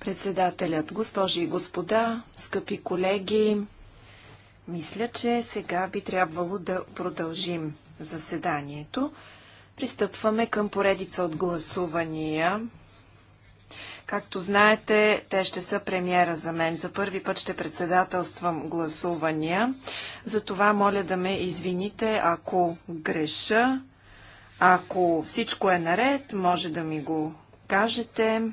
Председателят, госпожи и господа, скъпи колеги, мисля, че сега би трябвало да продължим заседанието. Пристъпваме към поредица от гласувания. Както знаете, те ще са премиера за мен. За първи път ще председателствам гласувания. Затова моля да ме извините, ако греша. Ако всичко е наред, може да ми го кажете.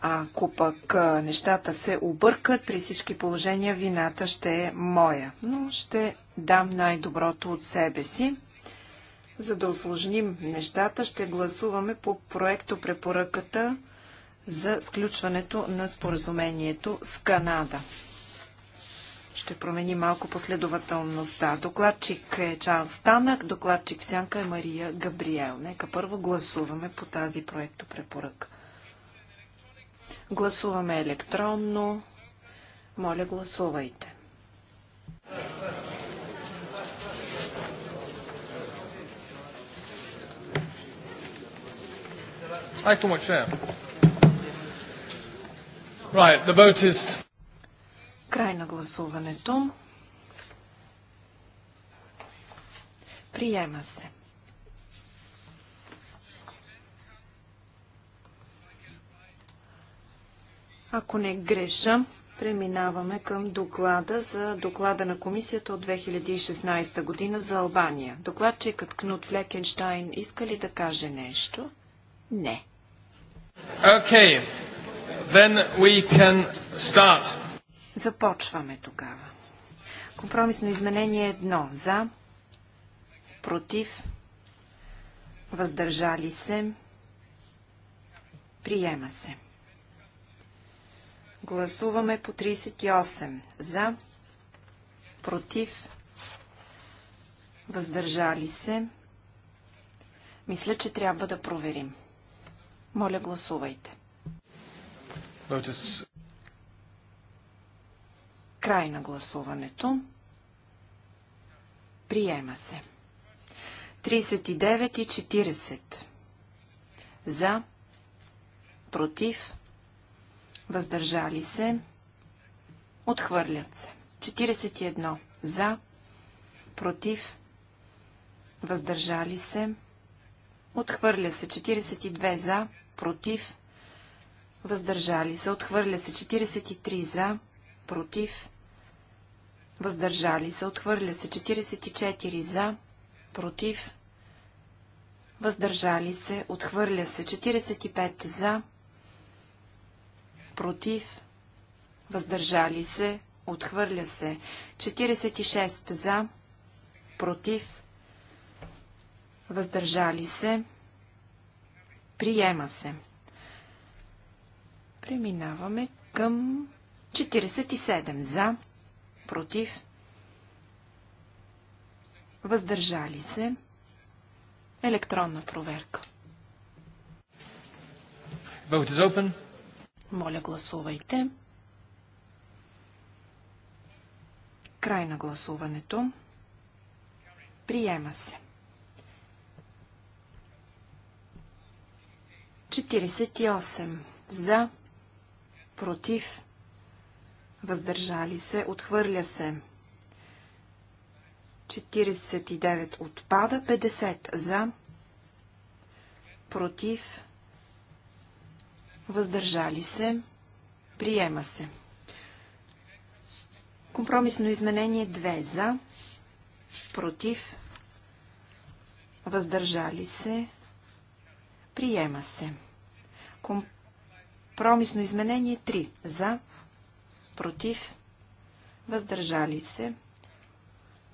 Ако пък нещата се объркат, при всички положения вината ще е моя. Но ще дам най-доброто от себе си. За да осложним нещата, ще гласуваме по проекто препоръката за сключването на споразумението с Канада. Ще промени малко последователността. Докладчик е Чарлз Танък, докладчик Сянка е Мария Габриел. Нека първо гласуваме по тази проекто препорък. Гласуваме електронно. Моля, гласувайте. Right, the vote is Край на гласуването. Приема се. Ако не греша, преминаваме към доклада за доклада на комисията от 2016 година за Албания. Докладчикът Кнут Флекенштайн иска ли да каже нещо? Не. Okay. Then we can start. Започваме тогава. Компромисно изменение едно. За. Против. Въздържали се. Приема се. Гласуваме по 38. За. Против. Въздържали се. Мисля, че трябва да проверим. Моля, гласувайте. Край на гласуването. Приема се. 39 и 40. За. Против. Въздържали се. Отхвърлят се. 41. За. Против. Въздържали се. Отхвърля се. 42. За. Против. Въздържали се. Отхвърля се. 43. За. Против въздържали се, отхвърля се 44 за, против, въздържали се, отхвърля се 45 за, против, въздържали се, отхвърля се 46 за, против, въздържали се, приема се. Преминаваме към 47 за, против, въздържали се, електронна проверка. Vote is open. Моля, гласувайте. Край на гласуването. Приема се. 48. За. Против въздържали се, отхвърля се. 49 отпада, 50 за, против, въздържали се, приема се. Компромисно изменение 2 за, против, въздържали се, приема се. Компромисно изменение 3 за, против, против, въздържали се,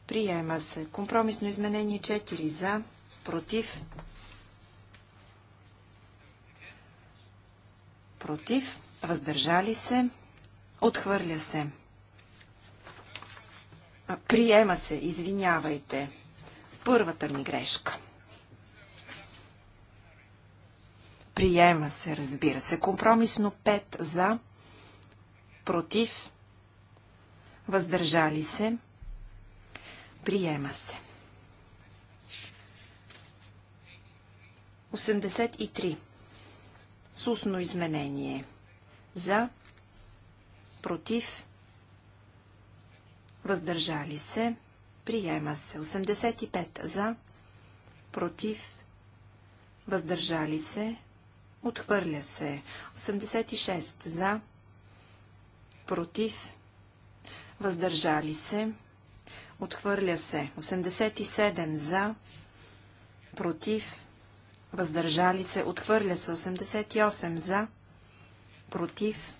приема се. Компромисно изменение 4 за, против, против, въздържали се, отхвърля се. А, приема се, извинявайте. Първата ми грешка. Приема се, разбира се. Компромисно 5 за, против, въздържали се, приема се. 83. Сусно изменение. За, против, въздържали се, приема се. 85. За, против, въздържали се, отхвърля се. 86. За, против, против, въздържали се, отхвърля се. 87 за, против, въздържали се, отхвърля се. 88 за, против,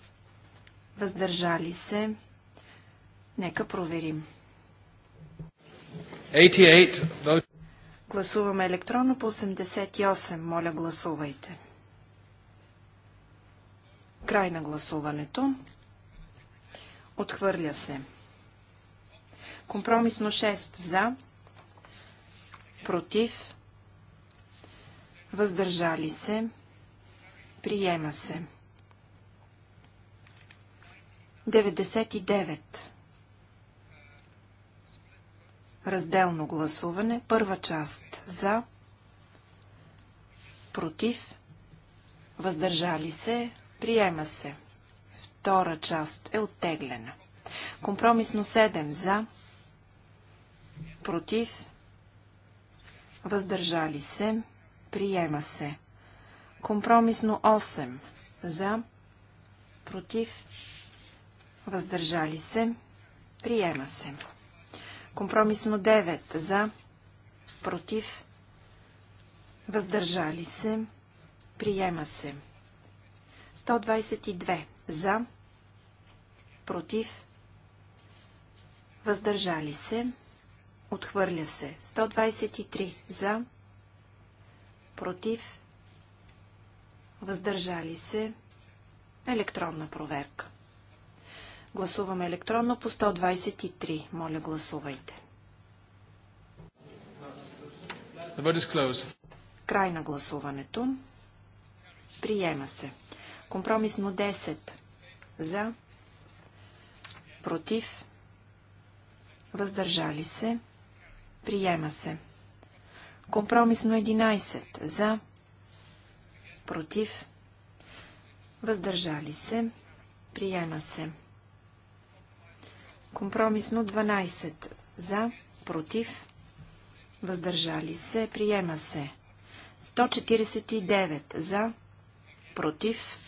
въздържали се. Нека проверим. 88. Гласуваме електронно по 88. Моля, гласувайте. Край на гласуването. Отхвърля се. Компромисно 6 за, против, въздържали се, приема се. 99. Разделно гласуване. Първа част за, против, въздържали се, приема се. Втора част е оттеглена. Компромисно 7 за, против, въздържали се, приема се. Компромисно 8 за, против, въздържали се, приема се. Компромисно 9 за, против, въздържали се, приема се. 122 за, против, въздържали се, отхвърля се. 123 за, против, въздържали се, електронна проверка. Гласуваме електронно по 123. Моля, гласувайте. Край на гласуването. Приема се. Компромисно 10 за, против, въздържали се, приема се. Компромисно 11 за, против, въздържали се, приема се. Компромисно 12 за, против, въздържали се, приема се. 149 за, против,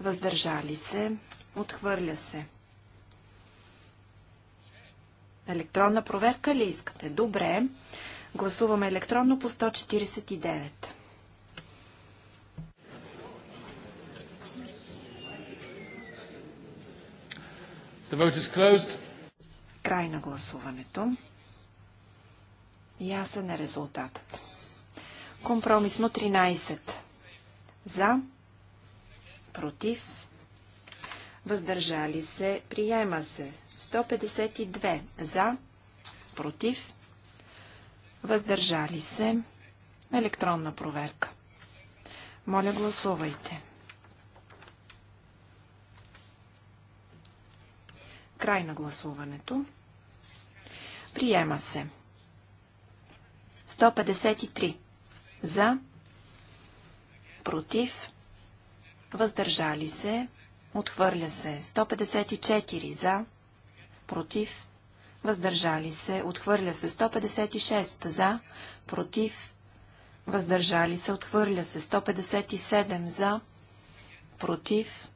въздържали се, отхвърля се. Електронна проверка ли искате? Добре. Гласуваме електронно по 149. The vote is closed. Край на гласуването. Ясен е резултатът. Компромисно 13. За, против, въздържали се, приема се. 152 за, против, въздържали се, електронна проверка. Моля, гласувайте. Край на гласуването. Приема се. 153 за, против, въздържали се, отхвърля се. 154 за, против, въздържали се, отхвърля се. 156 за, против, въздържали се, отхвърля се. 157 за, против,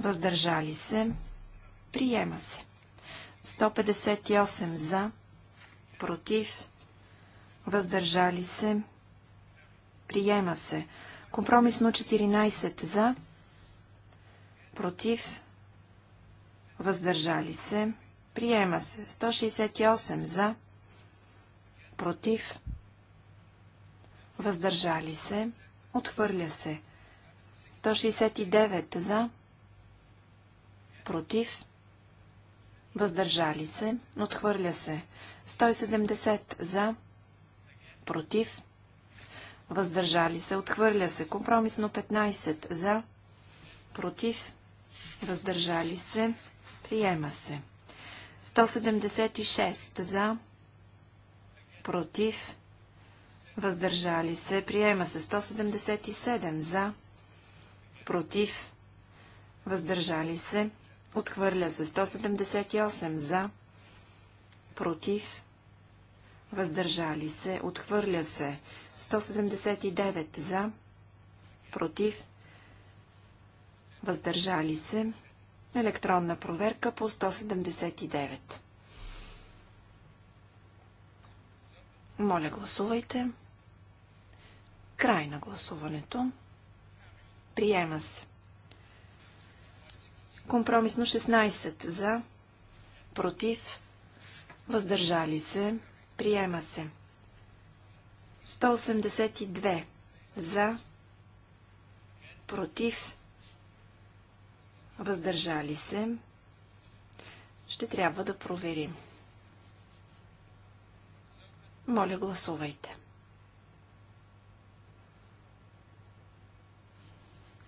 въздържали се, приема се. 158 за, против, въздържали се, приема се. Компромисно 14 за, против, въздържали се, приема се. 168 за, против, въздържали се, отхвърля се. 169 за, против, въздържали се, отхвърля се. 170 за, против, въздържали се, отхвърля се. Компромисно 15 за, против, въздържали се, приема се. 176 за, против, въздържали се, приема се. 177 за, против, въздържали се, отхвърля се. 178 за, против, въздържали се, отхвърля се. 179 за, против, въздържали се. Електронна проверка по 179. Моля, гласувайте. Край на гласуването. Приема се. Компромисно 16 за, против, въздържали се, приема се. 182 за, против, въздържали се. Ще трябва да проверим. Моля, гласувайте.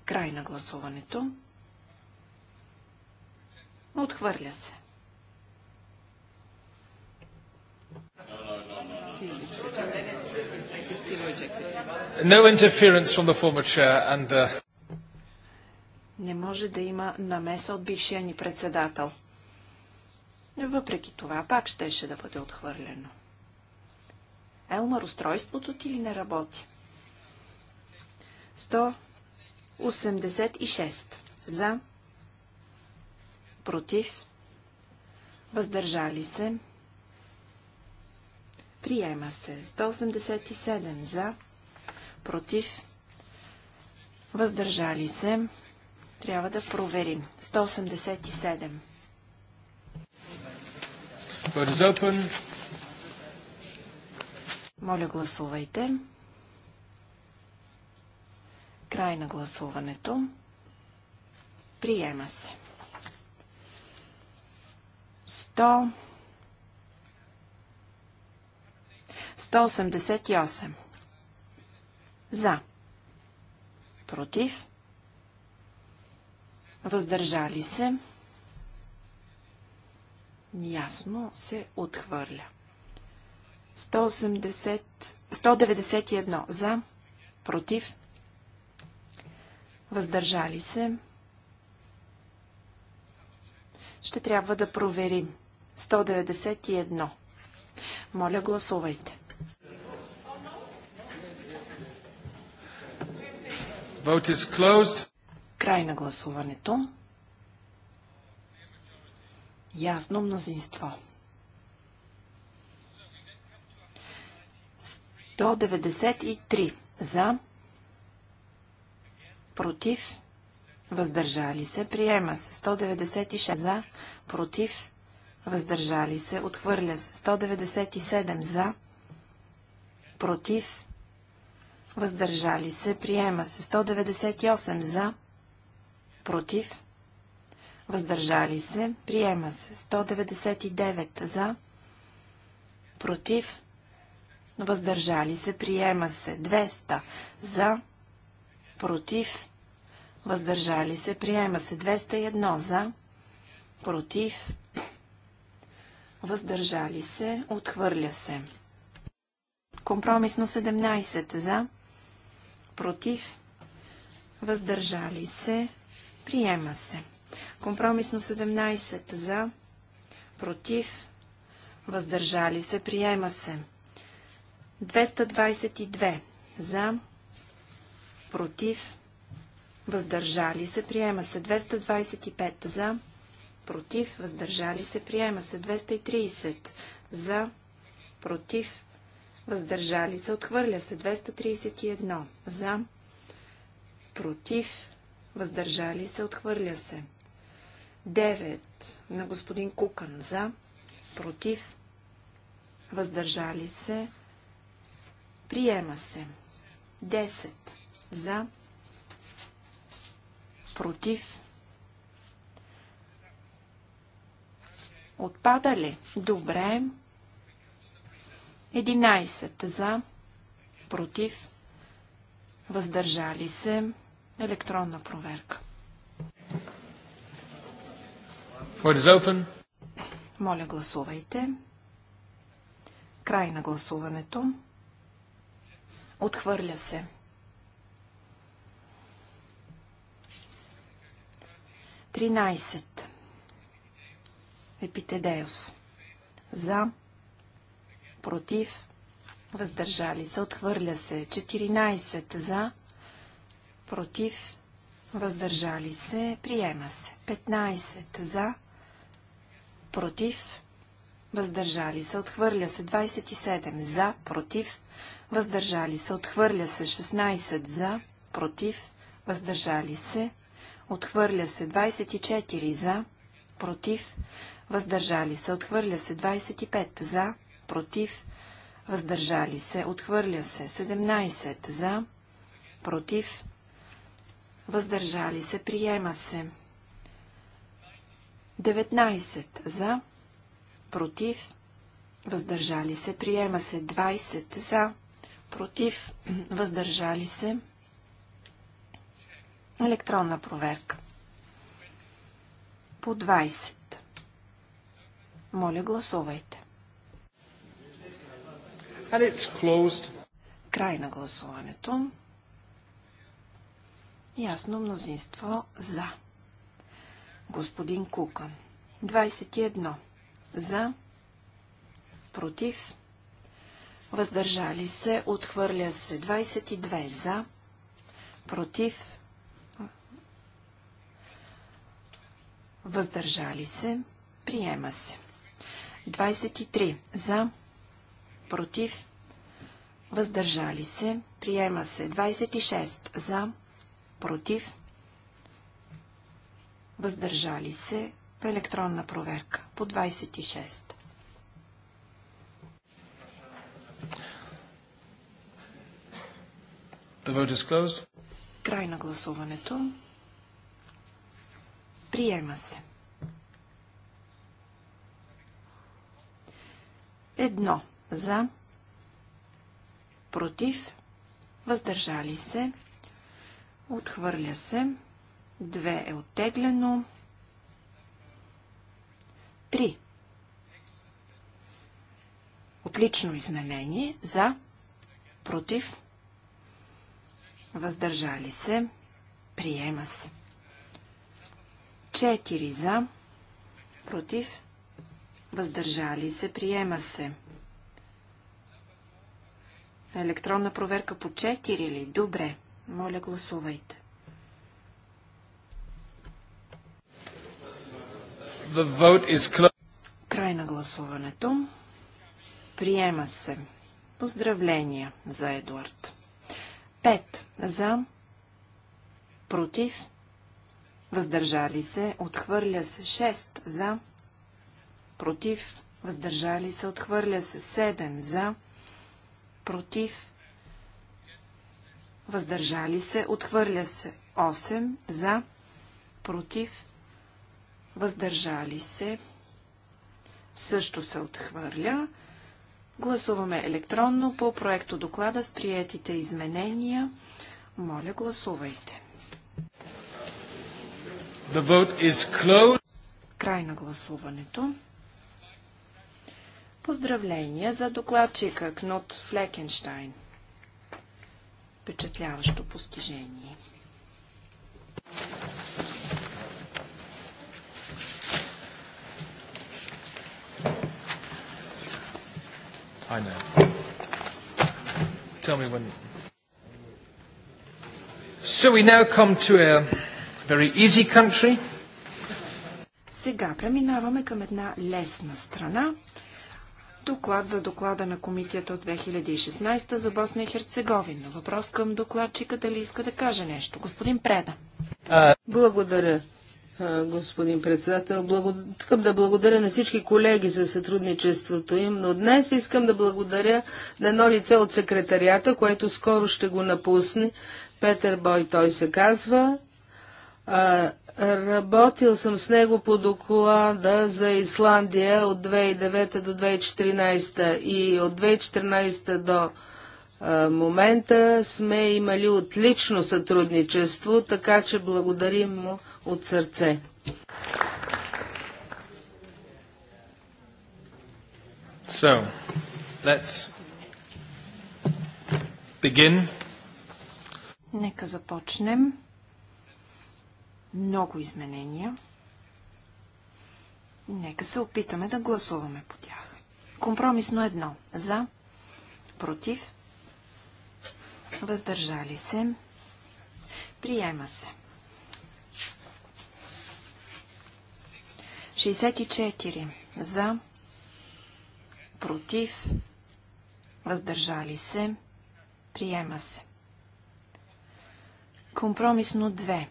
Край на гласуването. Отхвърля се. No, No interference from the former chair and, uh, Не може да има намеса от бившия ни председател. Въпреки това, пак щеше да бъде отхвърлено. Елмар, устройството ти ли не работи? 186. За. Против. Въздържали се. Приема се. 187 за, против, въздържали се. Трябва да проверим. 187. Моля, гласувайте. Край на гласуването. Приема се. 100 188. За. Против. Въздържали се. Ясно се отхвърля. 180, 191 за, против, въздържали се. Ще трябва да проверим. 191. Моля, гласувайте. Vote is closed. Край на гласуването. Ясно мнозинство. 193 за, против, въздържали се, приема се. 196 за, против, въздържали се, отхвърля се. 197 за, против, въздържали се, приема се. 198 за, против, въздържали се, приема се. 199 за, против, въздържали се, приема се. 200 за, против, въздържали се, приема се. 201 за, против, въздържали се, отхвърля се. Компромисно 17 за, против, въздържали се, приема се. Компромисно 17 за, против, въздържали се, приема се. 222 за, против, въздържали се, приема се. 225 за, против, въздържали се, приема се. 230 за, против, въздържали се, отхвърля се 231 за, против, въздържали се, отхвърля се 9 на господин Кукан за, против, въздържали се, приема се 10 за, против, отпада ли? Добре. 11 за, против, въздържали се, електронна проверка. Моля, гласувайте. Край на гласуването. Отхвърля се. Тринайсет. Епитедеус. За против, въздържали се, отхвърля се. 14 за, против, въздържали се, приема се. 15 за, против, въздържали се, отхвърля се. 27 за, против, въздържали се, отхвърля се. 16 за, против, въздържали се, отхвърля се. 24 за, против, въздържали се, отхвърля се. 25 за, против, въздържали се, отхвърля се. 17 за, против, въздържали се, приема се. 19 за, против, въздържали се, приема се. 20 за, против, въздържали се. Електронна проверка. По 20. Моля, гласувайте. And it's closed. Край на гласуването. Ясно мнозинство за. Господин Кукан. 21. За. Против. Въздържали се. Отхвърля се. 22. За. Против. Въздържали се. Приема се. 23. За. Против против, въздържали се, приема се 26 за, против, въздържали се, електронна проверка по 26. Край на гласуването. Приема се. Едно за, против, въздържали се, отхвърля се, 2 е оттеглено, 3. Отлично изменение за, против, въздържали се, приема се. 4 за, против, въздържали се, приема се. Електронна проверка по 4 ли? Добре. Моля, гласувайте. The vote is Край на гласуването. Приема се. Поздравления за Едуард. 5 за, против, въздържали се, отхвърля се 6 за, против, въздържали се, отхвърля се 7 за, против, въздържали се, отхвърля се 8 за, против, въздържали се, също се отхвърля. Гласуваме електронно по проекто доклада с приетите изменения. Моля, гласувайте. Край на гласуването. Поздравления за докладчика Кнут Флекенштайн. Впечатляващо постижение. I know. Tell me when. So we now come to a very easy country. Сега преминаваме към една лесна страна Доклад за доклада на комисията от 2016 за Босна и Херцеговина. Въпрос към докладчика дали иска да каже нещо. Господин Преда. Благодаря, господин председател. Искам да благодаря на всички колеги за сътрудничеството им, но днес искам да благодаря на едно лице от секретарията, което скоро ще го напусне. Петър Бой, той се казва. Работил съм с него по доклада за Исландия от 2009 до 2014 и от 2014 до а, момента сме имали отлично сътрудничество, така че благодарим му от сърце. So, let's begin. Нека започнем много изменения. Нека се опитаме да гласуваме по тях. Компромисно едно. За, против, въздържали се, приема се. 64. За, против, въздържали се, приема се. Компромисно 2.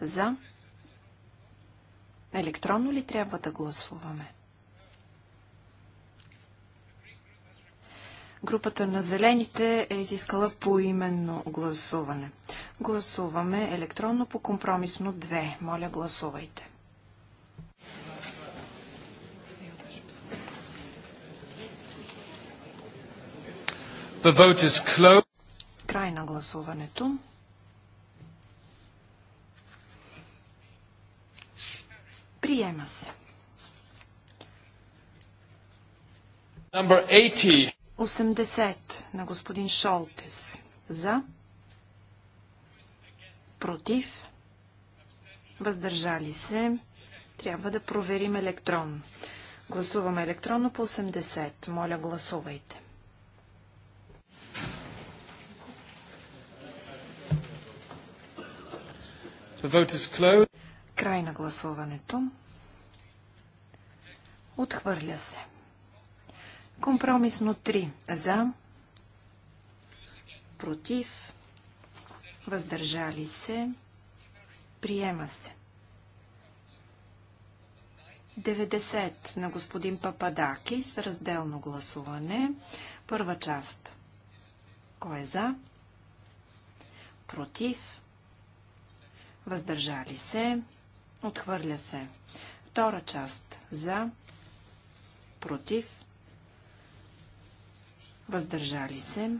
За. Електронно ли трябва да гласуваме? Групата на зелените е изискала поименно гласуване. Гласуваме електронно по компромисно 2. Моля, гласувайте. Край на гласуването. Приема се. 80. на господин Шолтес. За. Против. Въздържали се. Трябва да проверим електрон. Гласуваме електронно по 80. Моля, гласувайте. The vote is closed. Край на гласуването. Отхвърля се. Компромисно 3. За. Против. Въздържали се. Приема се. 90 на господин Пападаки с разделно гласуване. Първа част. Кой е за? Против. Въздържали се. Отхвърля се. Втора част. За. Против. Въздържали се.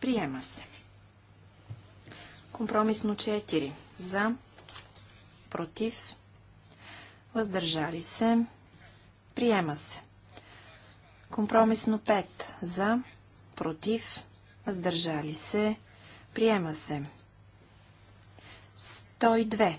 Приема се. Компромисно 4. За. Против. Въздържали се. Приема се. Компромисно 5. За. Против. Въздържали се. Приема се. 102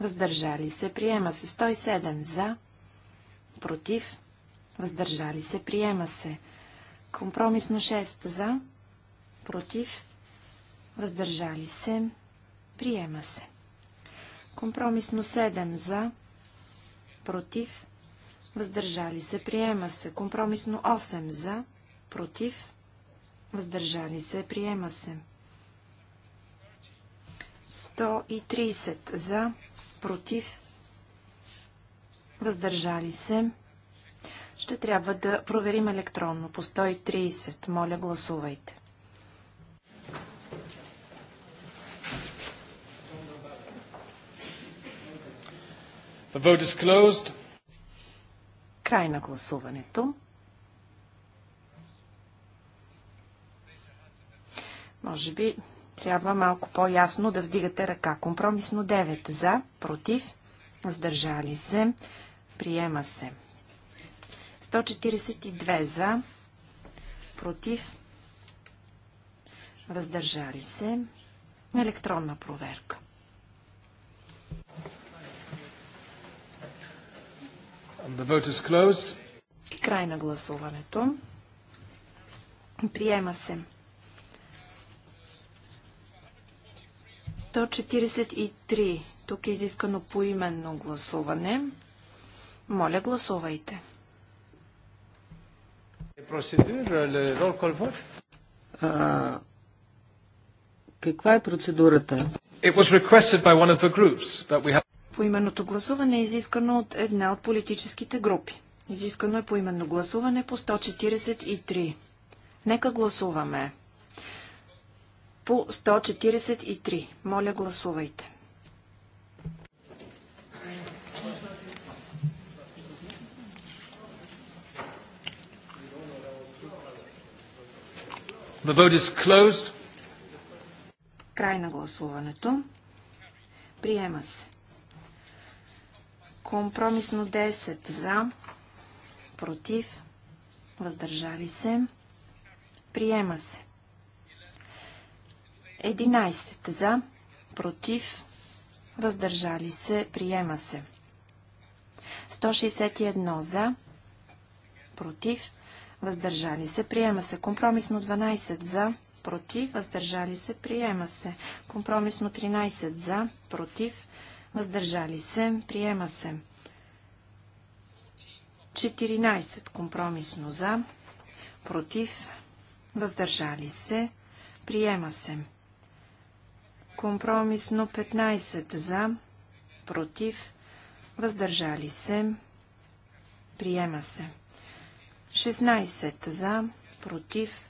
въздържали се, приема се. 107 за, против, въздържали се, приема се. Компромисно 6 за, против, въздържали се, приема се. Компромисно 7 за, против, въздържали се, приема се. Компромисно 8 за, против, въздържали се, приема се. 130 за, против, въздържали се. Ще трябва да проверим електронно по 130. Моля, гласувайте. The vote is closed. Край на гласуването. Може би трябва малко по-ясно да вдигате ръка. Компромисно 9 за, против, въздържали се, приема се. 142 за, против, въздържали се, електронна проверка. Край на гласуването. Приема се. 143. Тук е изискано поименно гласуване. Моля, гласувайте. каква е процедурата? Поименното гласуване е изискано от една от политическите групи. Изискано е поименно гласуване по 143. Нека гласуваме по 143. Моля, гласувайте. The vote is closed. Край на гласуването. Приема се. Компромисно 10 за, против, въздържали се. Приема се. 11 за, против, въздържали се, приема се. 161 за, против, въздържали се, приема се. Компромисно 12 за, против, въздържали се, приема се. Компромисно 13 за, против, въздържали се, приема се. 14 компромисно за, против, въздържали се, приема се. Компромисно 15 за, против, въздържали се, приема се. 16 за, против,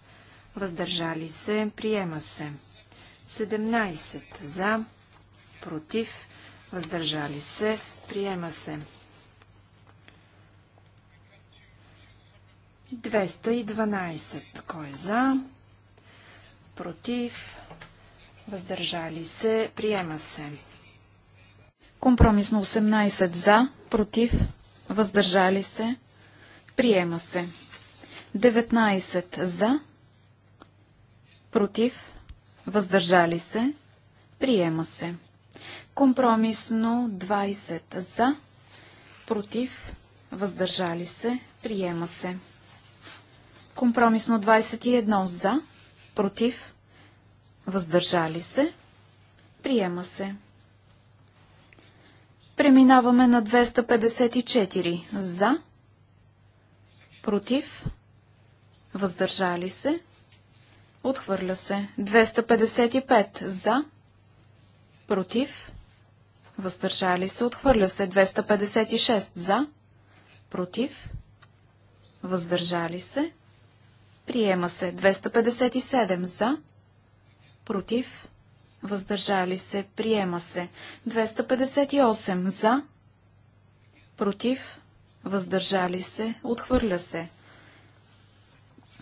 въздържали се, приема се. 17 за, против, въздържали се, приема се. 212. Кой е за? Против? въздържали се, приема се. Компромисно 18 за, против, въздържали се, приема се. 19 за, против, въздържали се, приема се. Компромисно 20 за, против, въздържали се, приема се. Компромисно 21 за, против, въздържали се, приема се. Преминаваме на 254 за, против, въздържали се, отхвърля се. 255 за, против, въздържали се, отхвърля се. 256 за, против, въздържали се, приема се. 257 за, против, въздържали се, приема се. 258 за, против, въздържали се, отхвърля се.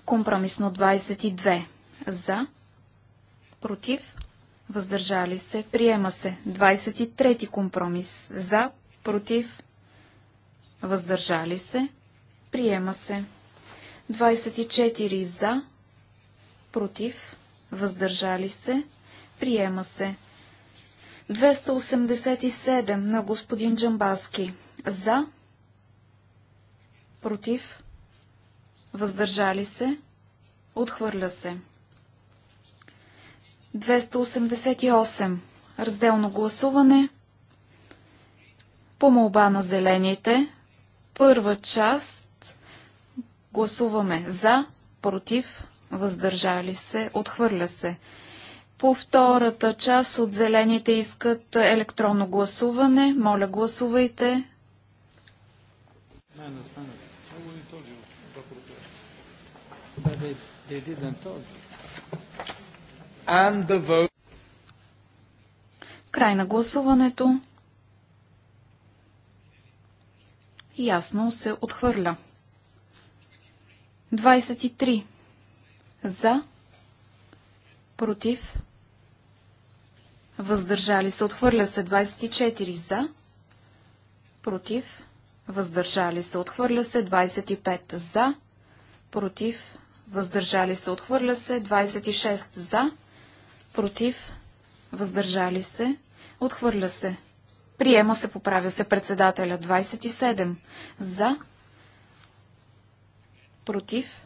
Компромисно 22 за, против, въздържали се, приема се. 23 компромис за, против, въздържали се, приема се. 24 за, против, въздържали се, приема се. 287 на господин Джамбаски. За, против, въздържали се, отхвърля се. 288. Разделно гласуване по молба на зелените. Първа част гласуваме за, против, въздържали се, отхвърля се. По втората част от зелените искат електронно гласуване. Моля, гласувайте. Край на гласуването. Ясно се отхвърля. 23. За. Против. Въздържали се. Отхвърля се. 24. За. Против. Въздържали се. Отхвърля се. 25. За. Против. Въздържали се. Отхвърля се. 26. За. Против. Въздържали се. Отхвърля се. Приема се, поправя се председателя. 27. За. Против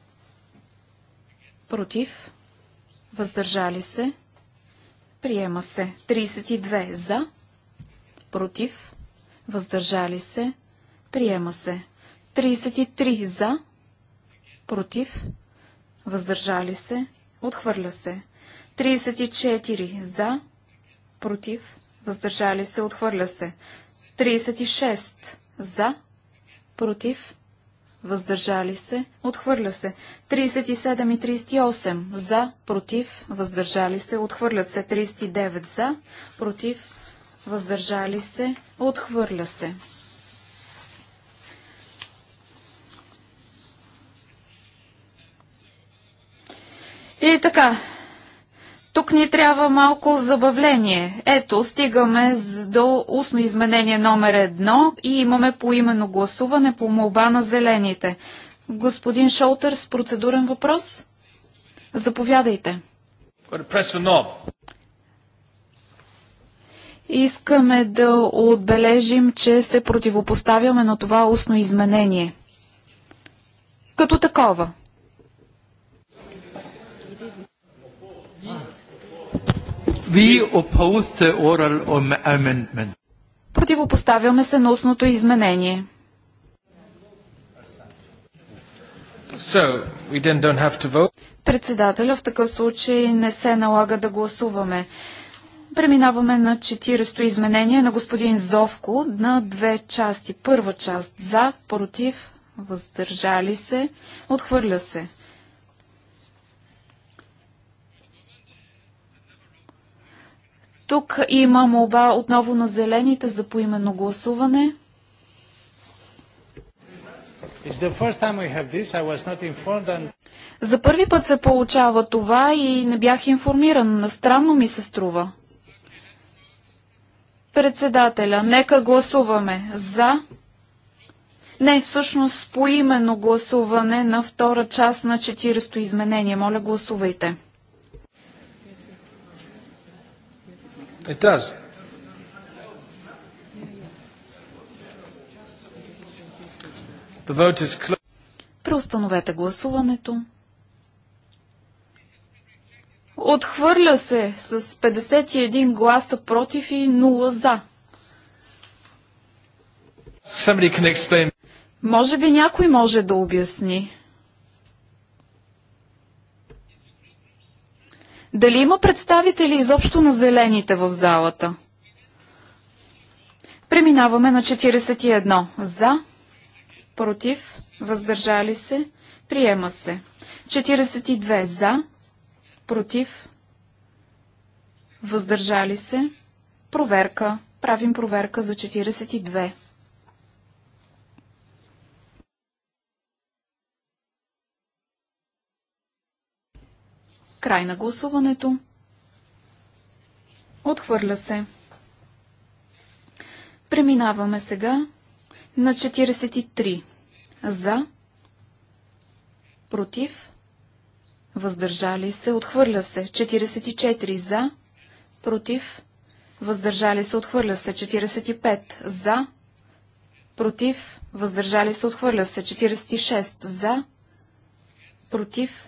против, въздържали се, приема се. 32 за, против, въздържали се, приема се. 33 за, против, въздържали се, отхвърля се. 34 за, против, въздържали се, отхвърля се. 36 за, против, въздържали се, отхвърля се. 37 и 38 за, против, въздържали се, отхвърлят се. 39 за, против, въздържали се, отхвърля се. И така, тук ни трябва малко забавление. Ето, стигаме до устно изменение номер едно и имаме именно гласуване по молба на зелените. Господин Шолтер с процедурен въпрос? Заповядайте. Искаме да отбележим, че се противопоставяме на това устно изменение. Като такова. Противопоставяме се на устното изменение. Председателя в такъв случай не се налага да гласуваме. Преминаваме на 40-то изменение на господин Зовко на две части. Първа част за, против, въздържали се, отхвърля се. Тук има молба отново на зелените за поименно гласуване. За първи път се получава това и не бях информиран. Странно ми се струва. Председателя, нека гласуваме за. Не, всъщност поименно гласуване на втора част на 40-то изменение. Моля, гласувайте. It does. The vote is closed. Преустановете гласуването. Отхвърля се с 51 гласа против и 0 за. Може би някой може да обясни. Дали има представители изобщо на зелените в залата? Преминаваме на 41. За, против, въздържали се, приема се. 42. За, против, въздържали се, проверка. Правим проверка за 42. Край на гласуването. Отхвърля се. Преминаваме сега на 43. За. Против. Въздържали се. Отхвърля се. 44. За. Против. Въздържали се. Отхвърля се. 45. За. Против. Въздържали се. Отхвърля се. 46. За. Против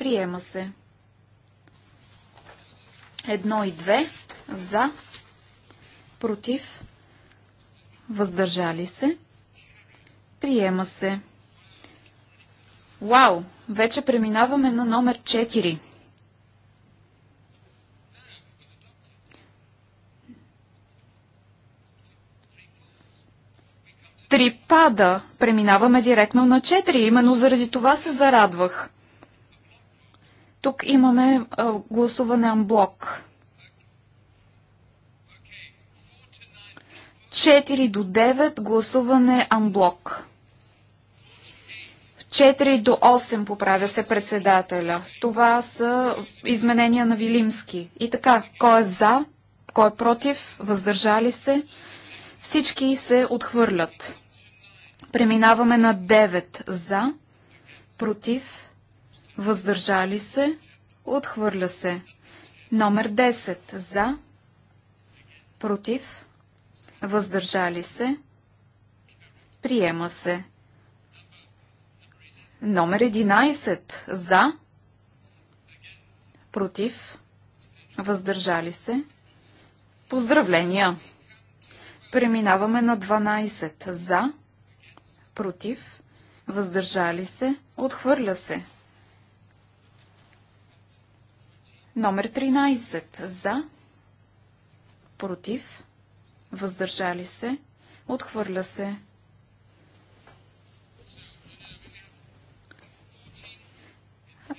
Приема се. Едно и две за, против, въздържали се. Приема се. Вау! Вече преминаваме на номер 4. Три пада. Преминаваме директно на 4. Именно заради това се зарадвах. Тук имаме гласуване анблок. 4 до 9 гласуване анблок. 4 до 8 поправя се председателя. Това са изменения на Вилимски. И така, кой е за, кой е против, въздържали се, всички се отхвърлят. Преминаваме на 9 за, против, въздържали се, отхвърля се. Номер 10 за, против, въздържали се, приема се. Номер 11 за, против, въздържали се. Поздравления! Преминаваме на 12 за, против, въздържали се, отхвърля се. Номер 13. За. Против. Въздържали се. Отхвърля се.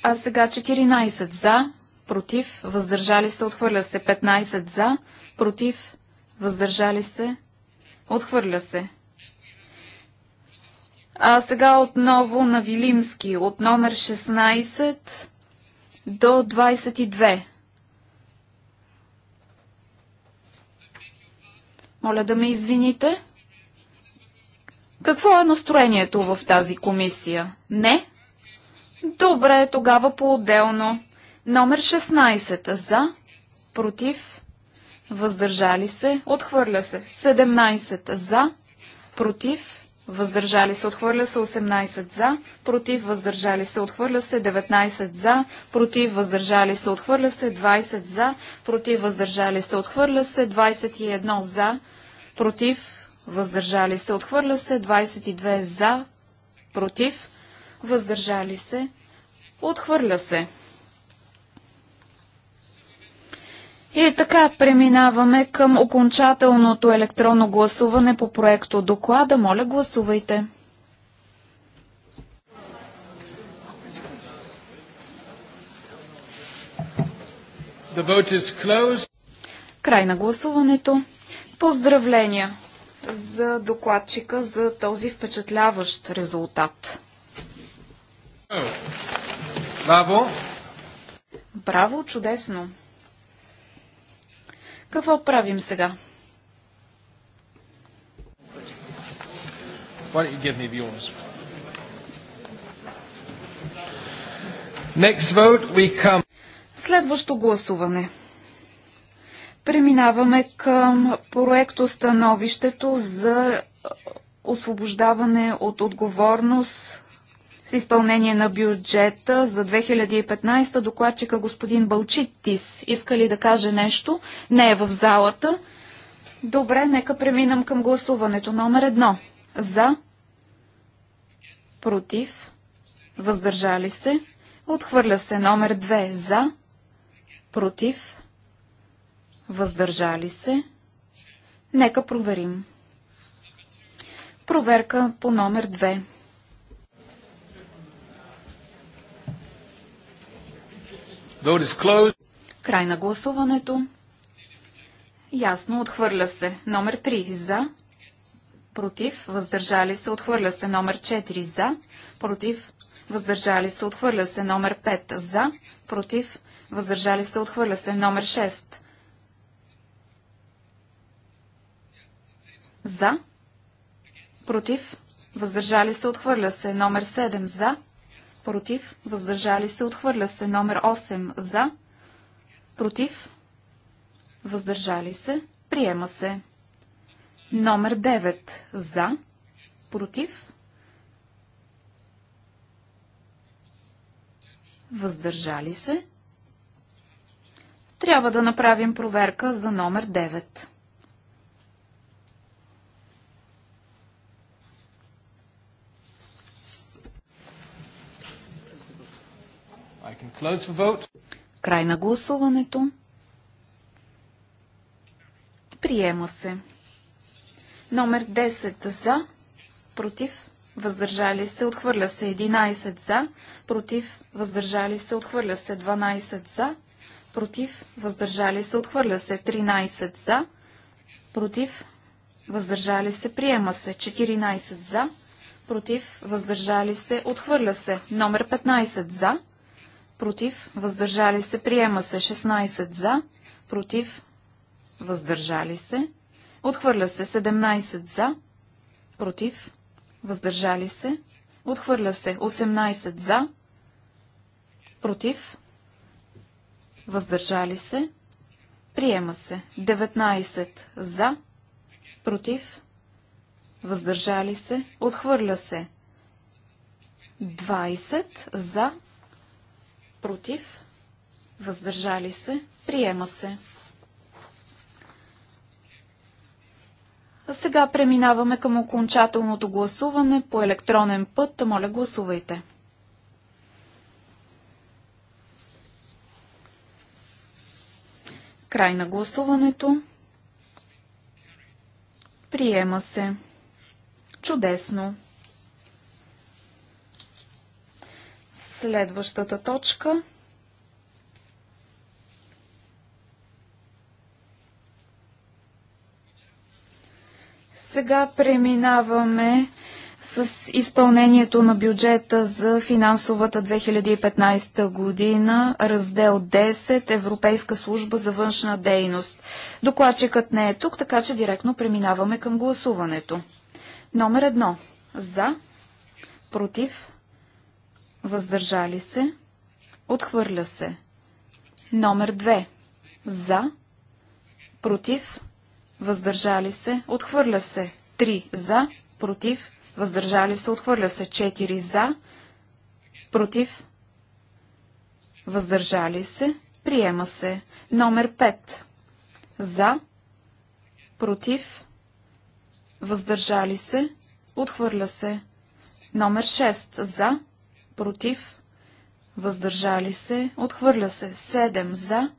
А сега 14 за, против, въздържали се, отхвърля се. 15 за, против, въздържали се, отхвърля се. А сега отново на Вилимски от номер 16 до 22. Моля да ме извините. Какво е настроението в тази комисия? Не? Добре, тогава по-отделно. Номер 16. За, против, въздържали се, отхвърля се. 17. За, против, въздържали се, отхвърля се 18 за, против, въздържали се, отхвърля се 19 за, против, въздържали се, отхвърля се 20 за, против, въздържали се, отхвърля се 21 за, против, въздържали се, отхвърля се 22 за, против, въздържали се, отхвърля се. И така преминаваме към окончателното електронно гласуване по проекто доклада. Моля, гласувайте. The vote is Край на гласуването. Поздравления за докладчика за този впечатляващ резултат. Браво! Браво, чудесно! Какво правим сега? Why don't you give me yours? Next vote, we come. Следващо гласуване. Преминаваме към проекто становището за освобождаване от отговорност с изпълнение на бюджета за 2015 докладчика господин Балчитис. Иска ли да каже нещо? Не е в залата. Добре, нека преминам към гласуването. Номер едно. За. Против. Въздържали се. Отхвърля се. Номер две. За. Против. Въздържали се. Нека проверим. Проверка по номер 2. Край на гласуването. Ясно, отхвърля се. Номер 3 за. Против. Въздържали се. Отхвърля се. Номер 4 за. Против. Въздържали се. Отхвърля се. Номер 5 за. Против. Въздържали се. Отхвърля се. Номер 6. За. Против. Въздържали се. Отхвърля се. Номер 7 за против, въздържали се, отхвърля се. Номер 8 за, против, въздържали се, приема се. Номер 9 за, против, въздържали се. Трябва да направим проверка за номер 9. Край на гласуването. Приема се. Номер 10 за, против, въздържали се, отхвърля се 11 за, против, въздържали се, отхвърля се 12 за, против, въздържали се, отхвърля се 13 за, против, въздържали се, приема се 14 за, против, въздържали се, отхвърля се номер 15 за, против, въздържали се, приема се 16 за, против, въздържали се, отхвърля се 17 за, против, въздържали се, отхвърля се 18 за, против, въздържали се, приема се 19 за, против, въздържали се, отхвърля се 20 за, против, въздържали се, приема се. А сега преминаваме към окончателното гласуване по електронен път. Моля, гласувайте. Край на гласуването. Приема се. Чудесно! Следващата точка. Сега преминаваме с изпълнението на бюджета за финансовата 2015 година, раздел 10, Европейска служба за външна дейност. Докладчикът не е тук, така че директно преминаваме към гласуването. Номер 1. За. Против въздържали се, отхвърля се. Номер 2. За, против, въздържали се, отхвърля се. 3. За, против, въздържали се, отхвърля се. 4. За, против, въздържали се, приема се. Номер 5. За, против, въздържали се, отхвърля се. Номер 6. За, против, против, въздържали се, отхвърля се. 7 за,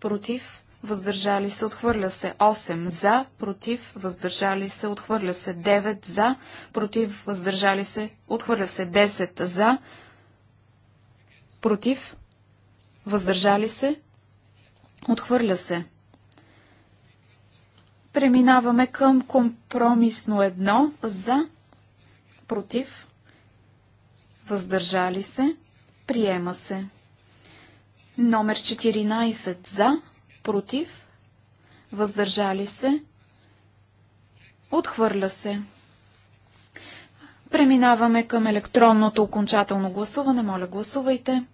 против, въздържали се, отхвърля се. 8 за, против, въздържали се, отхвърля се. 9 за, против, въздържали се, отхвърля се. 10 за, против, въздържали се, отхвърля се. Преминаваме към компромисно едно за, против, въздържали се, приема се. Номер 14 за, против, въздържали се, отхвърля се. Преминаваме към електронното окончателно гласуване. Моля, гласувайте.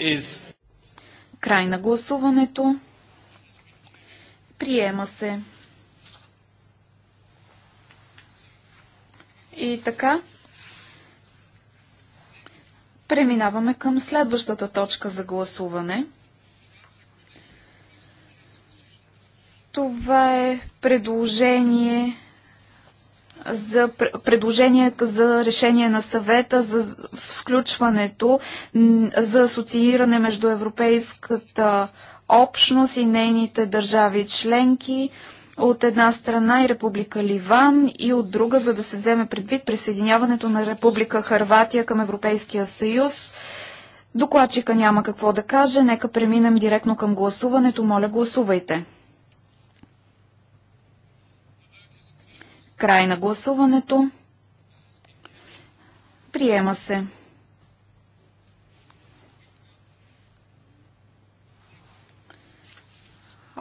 Is... Край на гласуването. Приема се. И така, преминаваме към следващата точка за гласуване. Това е предложение за предложение за решение на съвета за включването за асоцииране между Европейската общност и нейните държави членки от една страна и Република Ливан и от друга, за да се вземе предвид присъединяването на Република Харватия към Европейския съюз. Докладчика няма какво да каже. Нека преминем директно към гласуването. Моля, гласувайте. Край на гласуването. Приема се.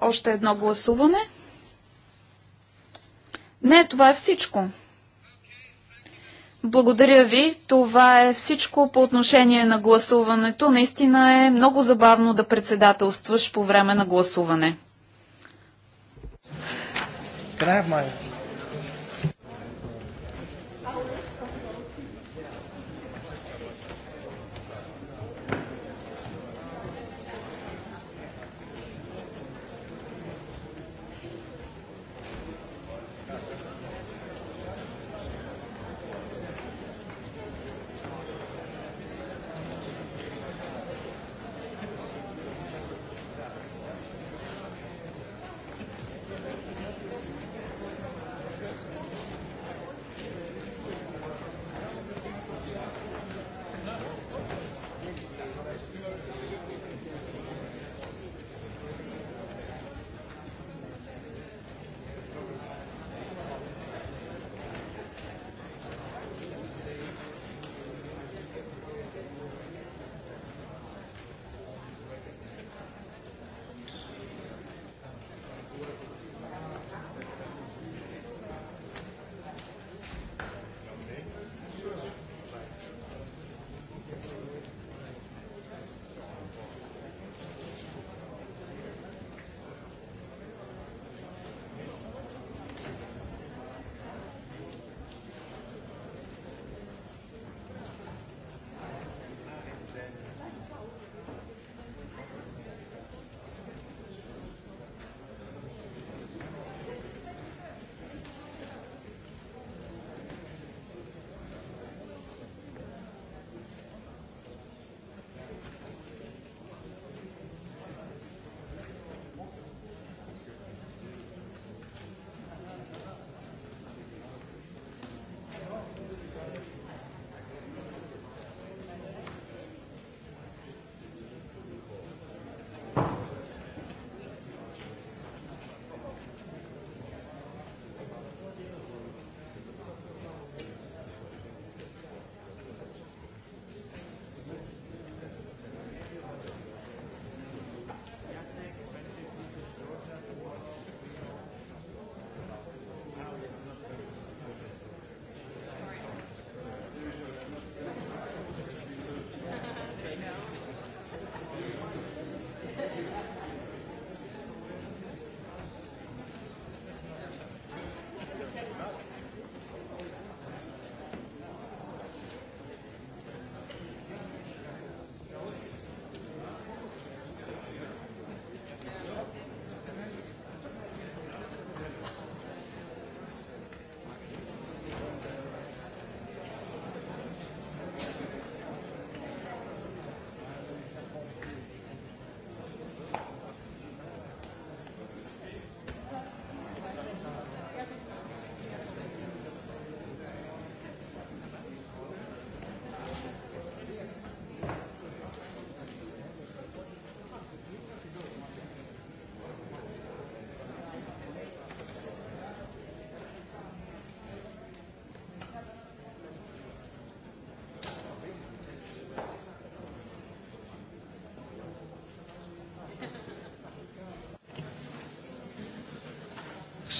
още едно гласуване. Не, това е всичко. Благодаря ви. Това е всичко по отношение на гласуването. Наистина е много забавно да председателстваш по време на гласуване. Can I have my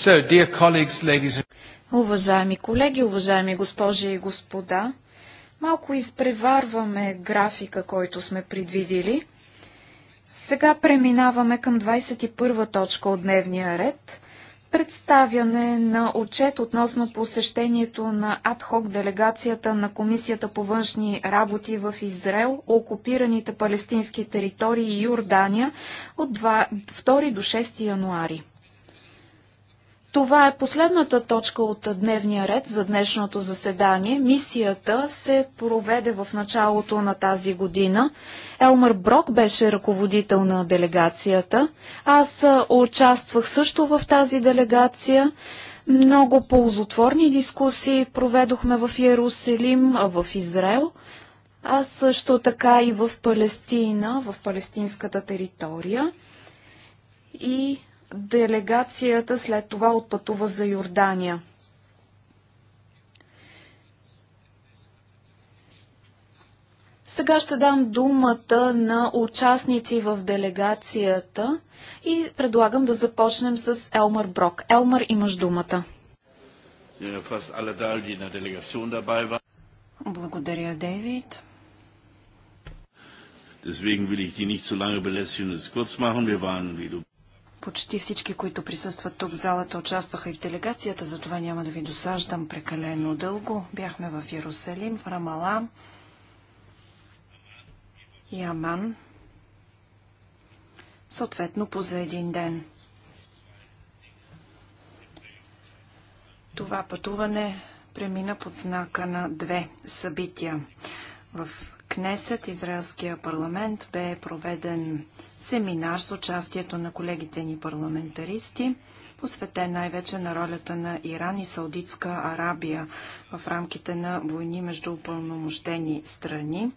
So, dear colleagues, ladies and... Уважаеми колеги, уважаеми госпожи и господа, малко изпреварваме графика, който сме предвидили. Сега преминаваме към 21 точка от дневния ред представяне на отчет относно посещението на адхок делегацията на Комисията по външни работи в Израел, окупираните палестински територии и Йордания от 2 до 6 януари. Това е последната точка от дневния ред за днешното заседание. Мисията се проведе в началото на тази година. Елмър Брок беше ръководител на делегацията. Аз участвах също в тази делегация. Много ползотворни дискусии проведохме в Иерусалим, в Израел, а също така и в Палестина, в палестинската територия. И делегацията след това отпътува за Йордания. Сега ще дам думата на участници в делегацията и предлагам да започнем с Елмар Брок. Елмар, имаш думата. Благодаря, Дейвид. Deswegen will ich die nicht lange belästigen und es kurz machen. Wir waren, wie du почти всички, които присъстват тук в залата, участваха и в делегацията, затова няма да ви досаждам прекалено дълго. Бяхме в Иерусалим, в Рамала и Аман, съответно по за един ден. Това пътуване премина под знака на две събития. В Кнесет, Израелския парламент, бе проведен семинар с участието на колегите ни парламентаристи, посветен най-вече на ролята на Иран и Саудитска Арабия в рамките на войни между упълномощени страни.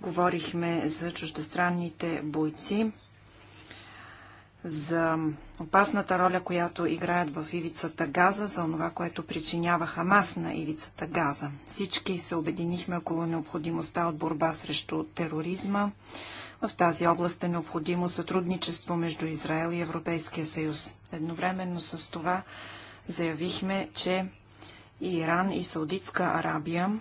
Говорихме за чуждестранните бойци, за опасната роля, която играят в ивицата Газа, за това, което причинява Хамас на ивицата Газа. Всички се обединихме около необходимостта от борба срещу тероризма. В тази област е необходимо сътрудничество между Израел и Европейския съюз. Едновременно с това заявихме, че и Иран и Саудитска Арабия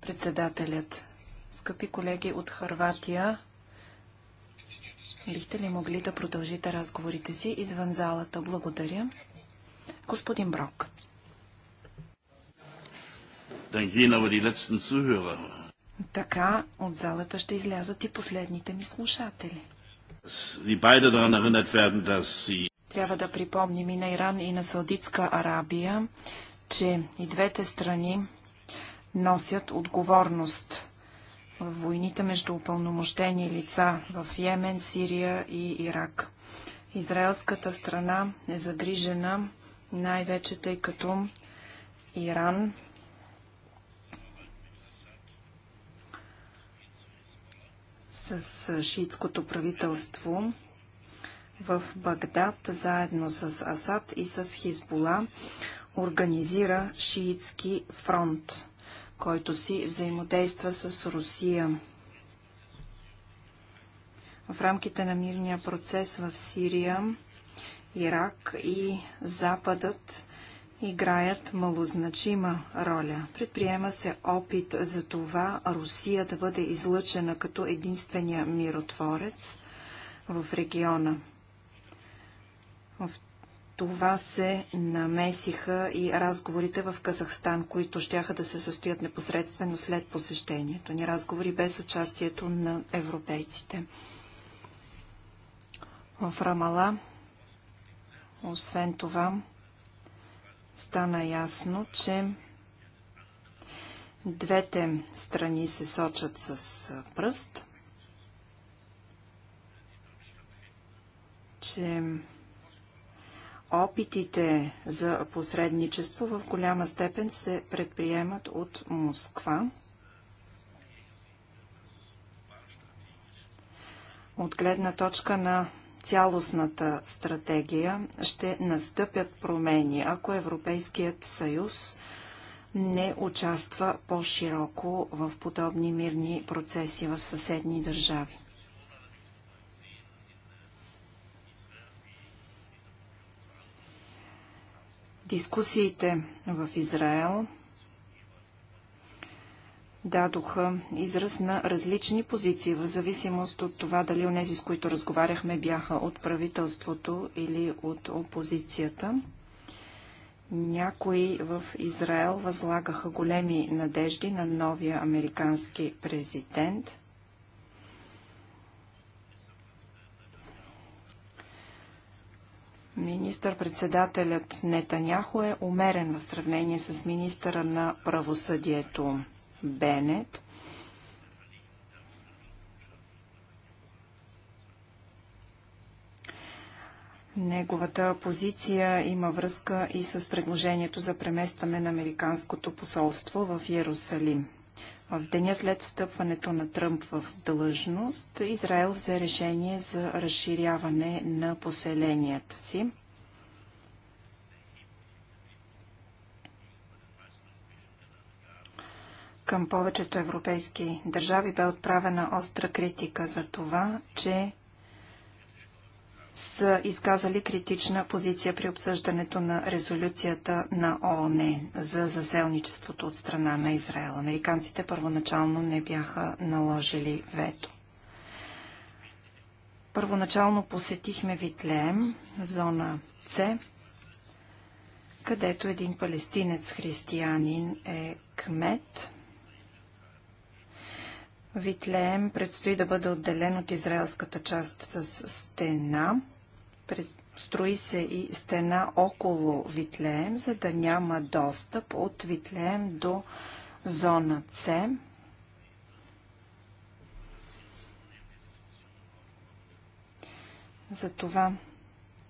Председателят Скъпи колеги от Харватия, бихте ли могли да продължите разговорите си извън залата? Благодаря. Господин Брок. Така от залата ще излязат и последните ми слушатели. Трябва да припомним и на Иран и на Саудитска Арабия, че и двете страни носят отговорност войните между упълномощени лица в Йемен, Сирия и Ирак. Израелската страна е загрижена най-вече тъй като Иран с шиитското правителство в Багдад, заедно с Асад и с Хизбула, организира шиитски фронт който си взаимодейства с Русия. В рамките на мирния процес в Сирия, Ирак и Западът играят малозначима роля. Предприема се опит за това Русия да бъде излъчена като единствения миротворец в региона. В това се намесиха и разговорите в Казахстан, които щяха да се състоят непосредствено след посещението ни. Разговори без участието на европейците. В Рамала, освен това, стана ясно, че двете страни се сочат с пръст, че опитите за посредничество в голяма степен се предприемат от Москва. От гледна точка на цялостната стратегия ще настъпят промени, ако Европейският съюз не участва по-широко в подобни мирни процеси в съседни държави. Дискусиите в Израел дадоха израз на различни позиции, в зависимост от това дали онези, с които разговаряхме, бяха от правителството или от опозицията. Някои в Израел възлагаха големи надежди на новия американски президент – Министър-председателят Нетаняхо е умерен в сравнение с министъра на правосъдието Бенет. Неговата позиция има връзка и с предложението за преместване на Американското посолство в Иерусалим. В деня след встъпването на Тръмп в длъжност, Израел взе решение за разширяване на поселението си. Към повечето европейски държави бе отправена остра критика за това, че са изказали критична позиция при обсъждането на резолюцията на ООН за заселничеството от страна на Израел. Американците първоначално не бяха наложили вето. Първоначално посетихме Витлеем, зона С, където един палестинец християнин е кмет – Витлеем предстои да бъде отделен от израелската част с стена. Строи се и стена около Витлеем, за да няма достъп от Витлеем до зона С. Затова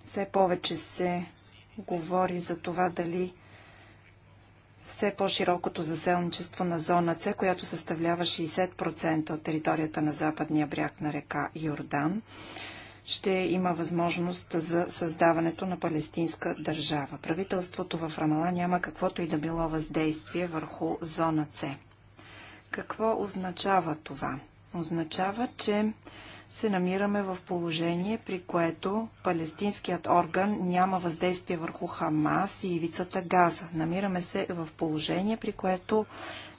все повече се говори за това дали все по-широкото заселничество на зона С, която съставлява 60% от територията на западния бряг на река Йордан, ще има възможност за създаването на палестинска държава. Правителството в Рамала няма каквото и да било въздействие върху зона С. Какво означава това? Означава, че се намираме в положение, при което палестинският орган няма въздействие върху Хамас и ивицата Газа. Намираме се в положение, при което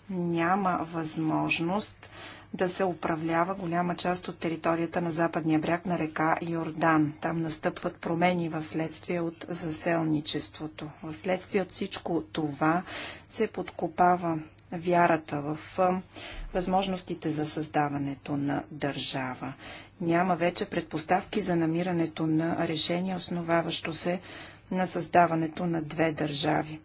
няма възможност да се управлява голяма част от територията на западния бряг на река Йордан. Там настъпват промени в следствие от заселничеството. В следствие от всичко това се подкопава вярата, в възможностите за създаването на държава. Няма вече предпоставки за намирането на решение, основаващо се на създаването на две държави.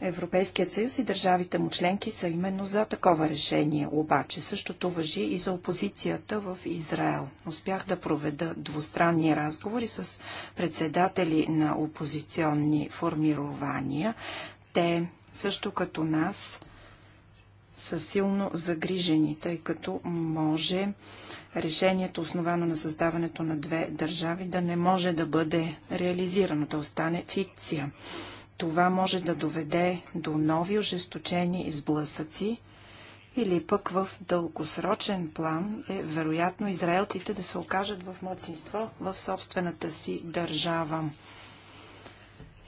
Европейският съюз и държавите му членки са именно за такова решение, обаче същото въжи и за опозицията в Израел. Успях да проведа двустранни разговори с председатели на опозиционни формирования. Те, също като нас, са силно загрижени, тъй като може решението, основано на създаването на две държави, да не може да бъде реализирано, да остане фикция. Това може да доведе до нови ожесточени изблъсъци или пък в дългосрочен план е вероятно израелците да се окажат в младсинство в собствената си държава.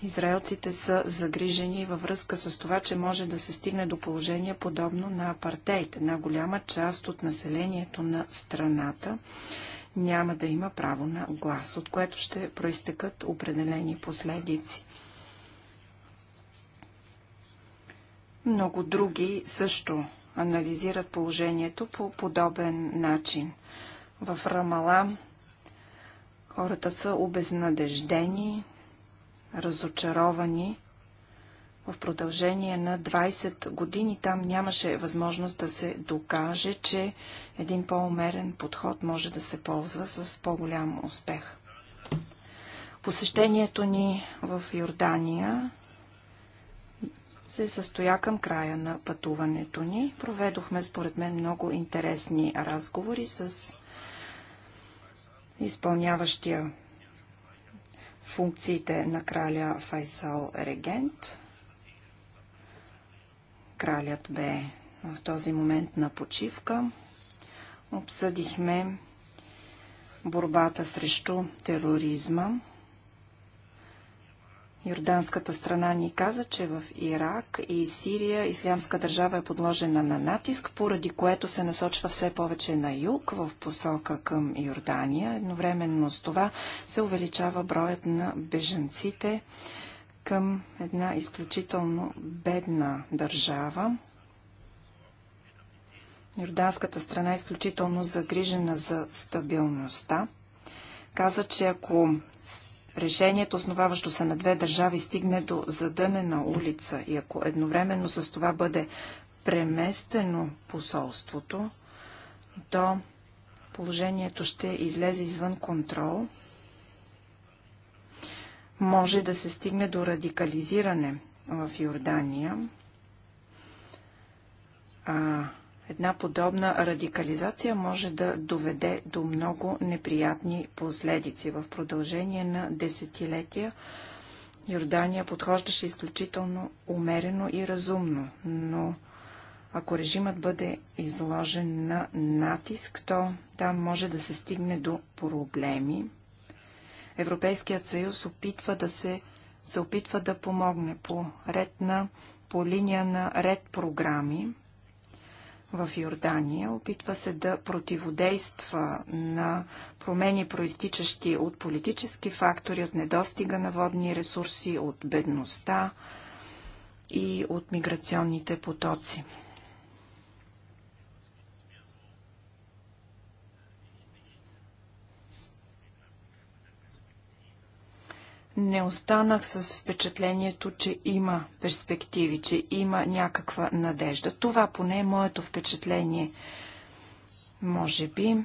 Израелците са загрижени във връзка с това, че може да се стигне до положение подобно на апартейт. Една голяма част от населението на страната няма да има право на глас, от което ще проистекат определени последици. Много други също анализират положението по подобен начин. В Рамала хората са обезнадеждени, разочаровани. В продължение на 20 години там нямаше възможност да се докаже, че един по-умерен подход може да се ползва с по-голям успех. Посещението ни в Йордания се състоя към края на пътуването ни. Проведохме, според мен, много интересни разговори с изпълняващия функциите на краля Файсал Регент. Кралят бе в този момент на почивка. Обсъдихме борбата срещу тероризма. Йорданската страна ни каза, че в Ирак и Сирия Ислямска държава е подложена на натиск, поради което се насочва все повече на юг, в посока към Йордания. Едновременно с това се увеличава броят на бежанците към една изключително бедна държава. Йорданската страна е изключително загрижена за стабилността. Каза, че ако решението, основаващо се на две държави, стигне до задънена улица и ако едновременно с това бъде преместено посолството, то положението ще излезе извън контрол. Може да се стигне до радикализиране в Йордания. А Една подобна радикализация може да доведе до много неприятни последици. В продължение на десетилетия Йордания подхождаше изключително умерено и разумно, но ако режимът бъде изложен на натиск, то там може да се стигне до проблеми. Европейският съюз опитва да се, се опитва да помогне по ред на по линия на ред програми в Йордания. Опитва се да противодейства на промени, проистичащи от политически фактори, от недостига на водни ресурси, от бедността и от миграционните потоци. не останах с впечатлението, че има перспективи, че има някаква надежда. Това поне е моето впечатление. Може би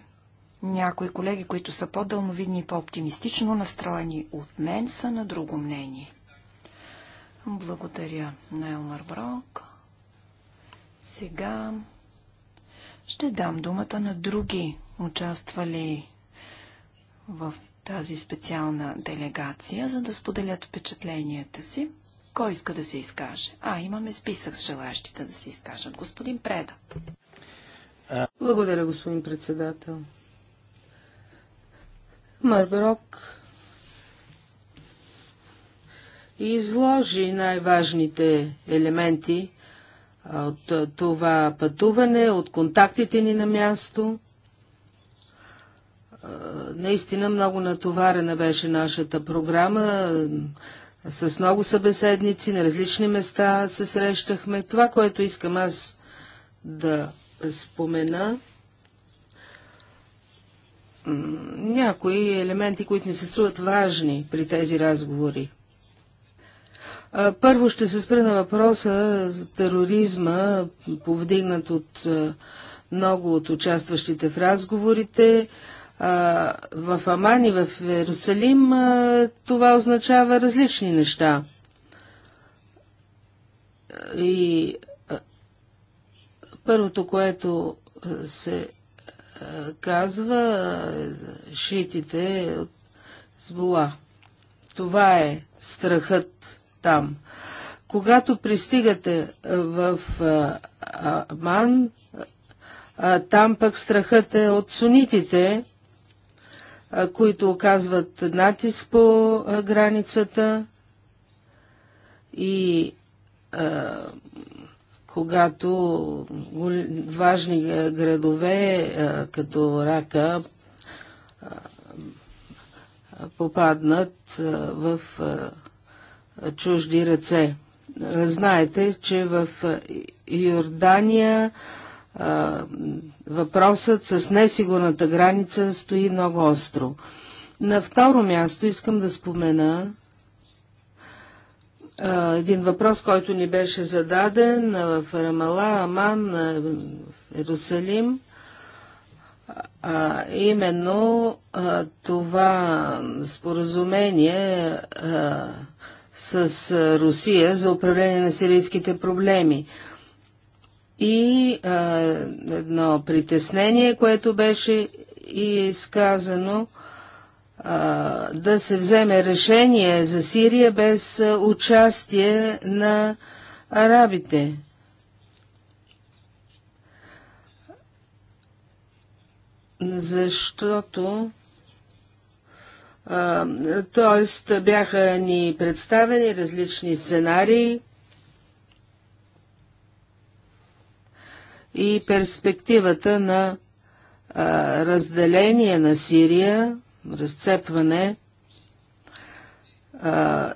някои колеги, които са по-дълновидни и по-оптимистично настроени от мен, са на друго мнение. Благодаря на Елмар Брок. Сега ще дам думата на други участвали в тази специална делегация, за да споделят впечатленията си. Кой иска да се изкаже? А, имаме списък с желащите да се изкажат. Господин Преда. Благодаря, господин председател. Марберок изложи най-важните елементи от това пътуване, от контактите ни на място. Наистина много натоварена беше нашата програма. С много събеседници на различни места се срещахме. Това, което искам аз да спомена, някои елементи, които ми се струват важни при тези разговори. Първо ще се спра на въпроса за тероризма, повдигнат от много от участващите в разговорите в Аман и в Иерусалим, това означава различни неща. И първото, което се казва, шитите е от Сбола. Това е страхът там. Когато пристигате в Аман, там пък страхът е от сунитите, които оказват натиск по границата и когато важни градове като Рака попаднат в чужди ръце. Знаете, че в Йордания въпросът с несигурната граница стои много остро. На второ място искам да спомена а, един въпрос, който ни беше зададен в Рамала, Аман, в Иерусалим. А, именно а, това споразумение с Русия за управление на сирийските проблеми. А, и а, едно притеснение, което беше и изказано, а, да се вземе решение за Сирия без участие на арабите. Защото т.е. бяха ни представени различни сценарии и перспективата на а, разделение на Сирия, разцепване, а,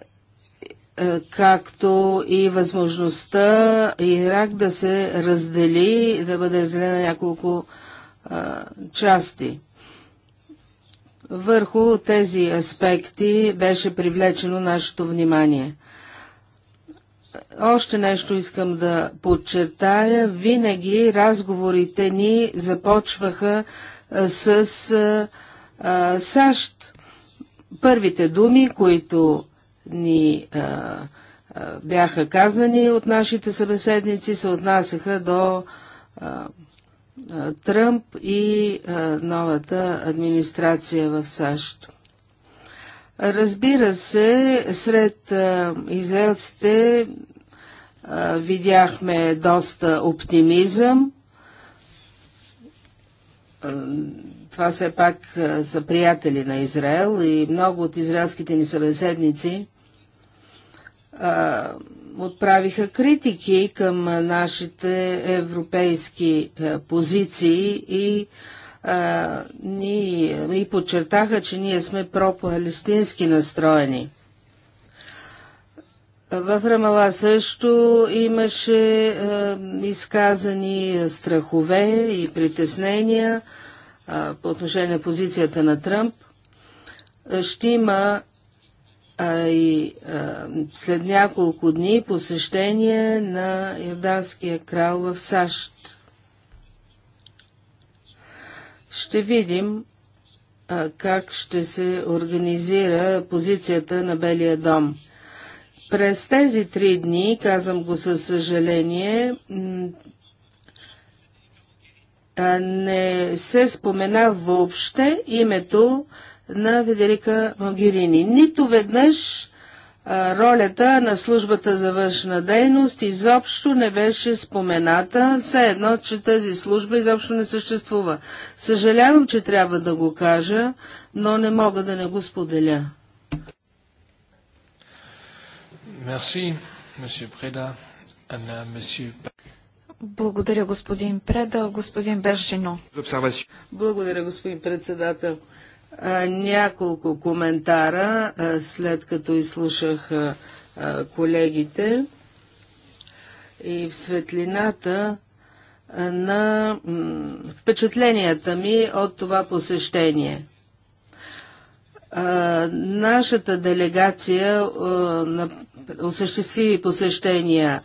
е, както и възможността Ирак да се раздели, да бъде разделен на няколко части. Върху тези аспекти беше привлечено нашето внимание – още нещо искам да подчертая. Винаги разговорите ни започваха с а, САЩ. Първите думи, които ни а, а, бяха казани от нашите събеседници, се отнасяха до а, а, Тръмп и а, новата администрация в САЩ. Разбира се, сред израелците видяхме доста оптимизъм. това все пак са приятели на Израел и много от израелските ни събеседници отправиха критики към нашите европейски позиции и а, ни, подчертаха, че ние сме пропалестински настроени. В Рамала също имаше а, изказани страхове и притеснения а, по отношение на позицията на Тръмп. Ще има а, и а, след няколко дни посещение на йорданския крал в САЩ. Ще видим как ще се организира позицията на Белия дом. През тези три дни, казвам го със съжаление, не се спомена въобще името на Ведерика Могирини. Нито веднъж ролята на службата за външна дейност изобщо не беше спомената, все едно, че тази служба изобщо не съществува. Съжалявам, че трябва да го кажа, но не мога да не го споделя. Мерси, месье Преда, на месье... Благодаря, господин Преда, господин Бержино. Благодаря, господин председател няколко коментара, след като изслушах колегите и в светлината на впечатленията ми от това посещение. Нашата делегация осъществи посещения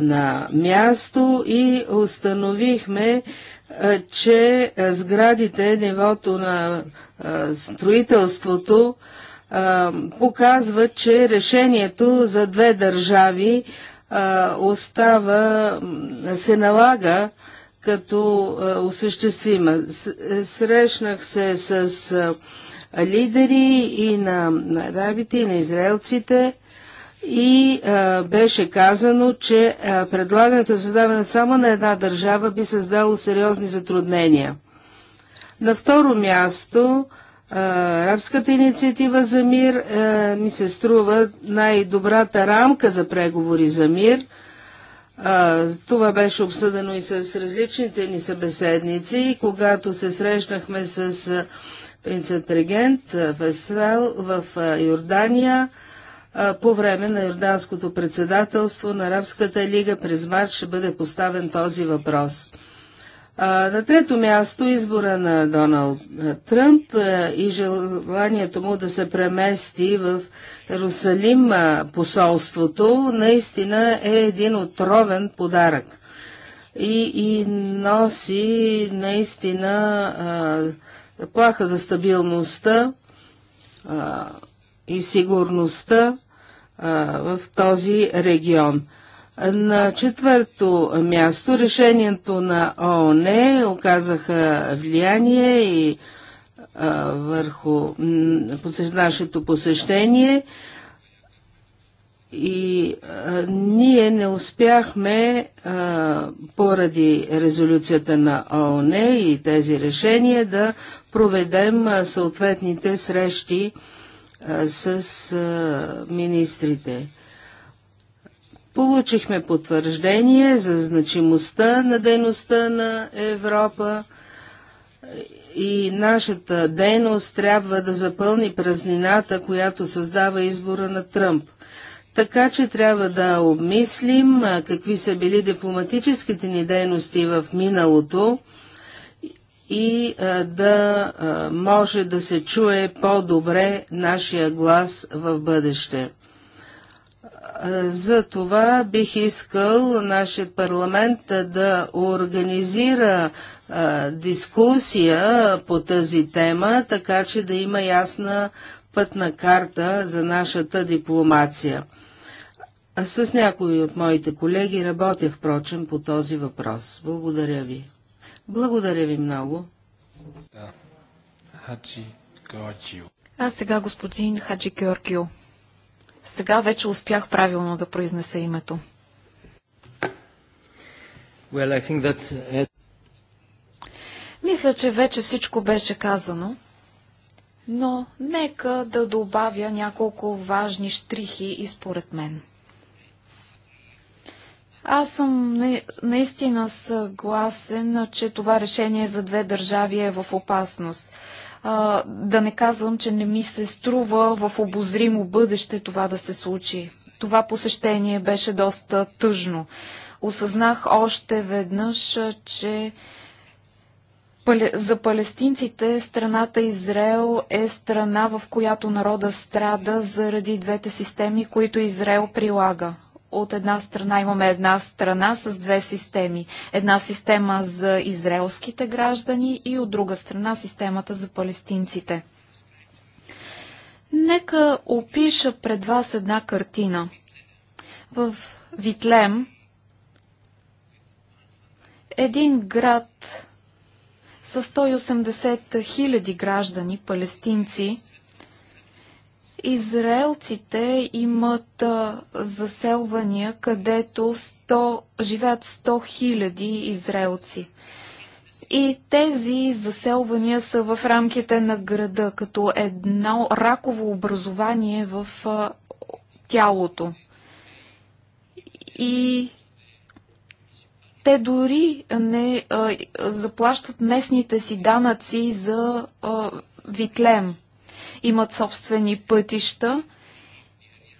на място и установихме, е, че сградите, нивото на е, строителството е, показва, че решението за две държави остава, се налага като осъществима. Срещнах се с лидери и на арабите, и на израелците и а, беше казано, че а, предлагането за даване само на една държава би създало сериозни затруднения. На второ място, а, арабската инициатива за мир а, ми се струва най-добрата рамка за преговори за мир. А, това беше обсъдено и с различните ни събеседници, когато се срещнахме с принцът регент Весел в Йордания, по време на Йорданското председателство на Арабската лига през март ще бъде поставен този въпрос. На трето място избора на Доналд Тръмп и желанието му да се премести в Русалим посолството наистина е един отровен подарък и, и носи наистина а, плаха за стабилността а, и сигурността в този регион. На четвърто място решението на ООН оказаха влияние и а, върху нашето посещение и а, ние не успяхме а, поради резолюцията на ООН и тези решения да проведем съответните срещи с министрите. Получихме потвърждение за значимостта на дейността на Европа и нашата дейност трябва да запълни празнината, която създава избора на Тръмп. Така че трябва да обмислим какви са били дипломатическите ни дейности в миналото и да може да се чуе по-добре нашия глас в бъдеще. За това бих искал нашия парламент да организира а, дискусия по тази тема, така че да има ясна пътна карта за нашата дипломация. А с някои от моите колеги работя, впрочем, по този въпрос. Благодаря ви. Благодаря ви много. Хаджи Георгио. А сега господин Хаджи Георгио. Сега вече успях правилно да произнеса името. Well, I think that... Uh, Мисля, че вече всичко беше казано, но нека да добавя няколко важни штрихи и според мен – аз съм наистина съгласен, че това решение за две държави е в опасност. да не казвам, че не ми се струва в обозримо бъдеще това да се случи. Това посещение беше доста тъжно. Осъзнах още веднъж, че за палестинците страната Израел е страна, в която народа страда заради двете системи, които Израел прилага от една страна имаме една страна с две системи. Една система за израелските граждани и от друга страна системата за палестинците. Нека опиша пред вас една картина. В Витлем, един град с 180 хиляди граждани, палестинци, Израелците имат заселвания, където 100, живеят 100 хиляди израелци. И тези заселвания са в рамките на града, като едно раково образование в а, тялото. И те дори не а, заплащат местните си данъци за а, Витлем имат собствени пътища,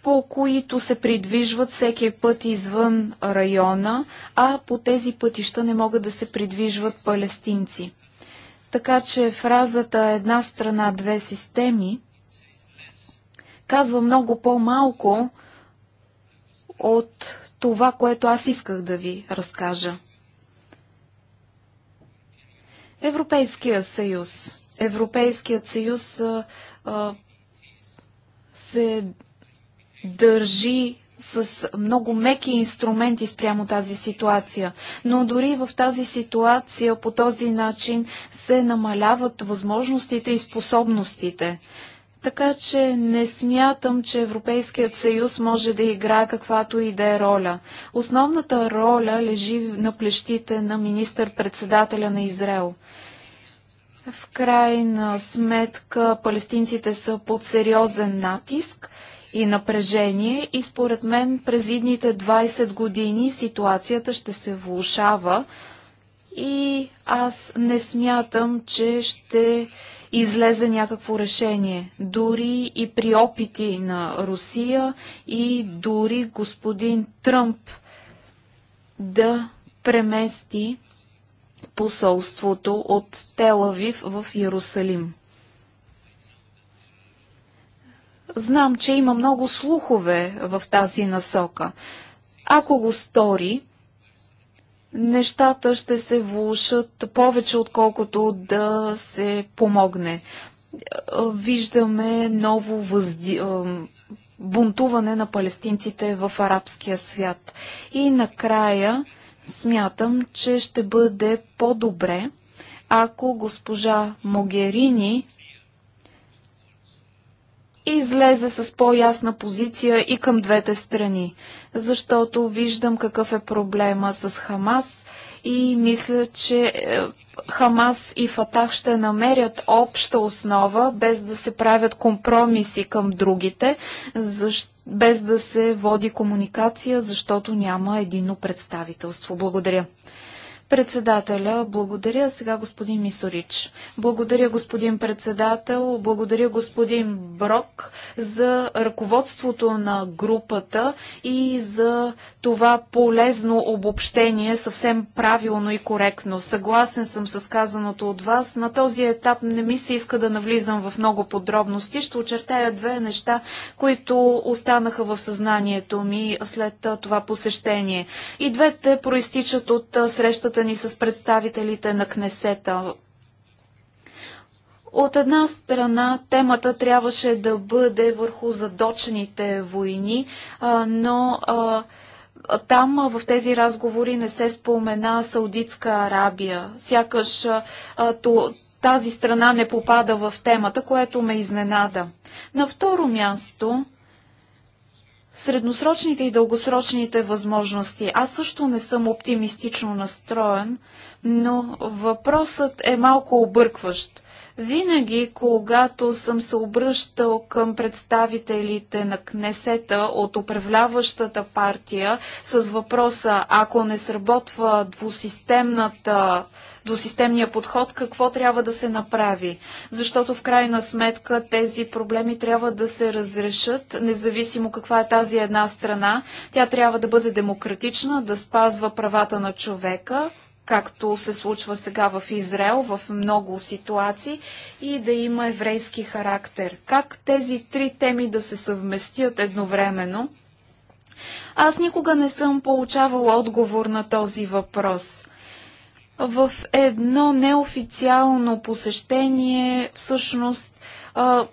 по които се придвижват всеки път извън района, а по тези пътища не могат да се придвижват палестинци. Така че фразата една страна, две системи казва много по-малко от това, което аз исках да ви разкажа. Европейския съюз. Европейският съюз се държи с много меки инструменти спрямо тази ситуация. Но дори в тази ситуация по този начин се намаляват възможностите и способностите. Така че не смятам, че Европейският съюз може да играе каквато и да е роля. Основната роля лежи на плещите на министър-председателя на Израел. В крайна сметка палестинците са под сериозен натиск и напрежение и според мен през идните 20 години ситуацията ще се влушава и аз не смятам, че ще излезе някакво решение. Дори и при опити на Русия и дори господин Тръмп да премести посолството от Телавив в Иерусалим. Знам, че има много слухове в тази насока. Ако го стори, нещата ще се влушат повече, отколкото да се помогне. Виждаме ново възди... бунтуване на палестинците в арабския свят. И накрая смятам, че ще бъде по-добре, ако госпожа Могерини излезе с по-ясна позиция и към двете страни, защото виждам какъв е проблема с Хамас и мисля, че е, Хамас и Фатах ще намерят обща основа, без да се правят компромиси към другите, без да се води комуникация, защото няма единно представителство. Благодаря. Председателя, благодаря. Сега господин Мисорич. Благодаря господин председател, благодаря господин Брок за ръководството на групата и за това полезно обобщение, съвсем правилно и коректно. Съгласен съм с казаното от вас. На този етап не ми се иска да навлизам в много подробности. Ще очертая две неща, които останаха в съзнанието ми след това посещение. И двете проистичат от срещата срещата ни с представителите на Кнесета. От една страна темата трябваше да бъде върху задочните войни, но там в тези разговори не се спомена Саудитска Арабия. Сякаш тази страна не попада в темата, което ме изненада. На второ място средносрочните и дългосрочните възможности. Аз също не съм оптимистично настроен, но въпросът е малко объркващ. Винаги, когато съм се обръщал към представителите на Кнесета от управляващата партия с въпроса, ако не сработва двусистемната до системния подход, какво трябва да се направи. Защото в крайна сметка тези проблеми трябва да се разрешат, независимо каква е тази една страна. Тя трябва да бъде демократична, да спазва правата на човека, както се случва сега в Израел, в много ситуации, и да има еврейски характер. Как тези три теми да се съвместят едновременно? Аз никога не съм получавала отговор на този въпрос в едно неофициално посещение всъщност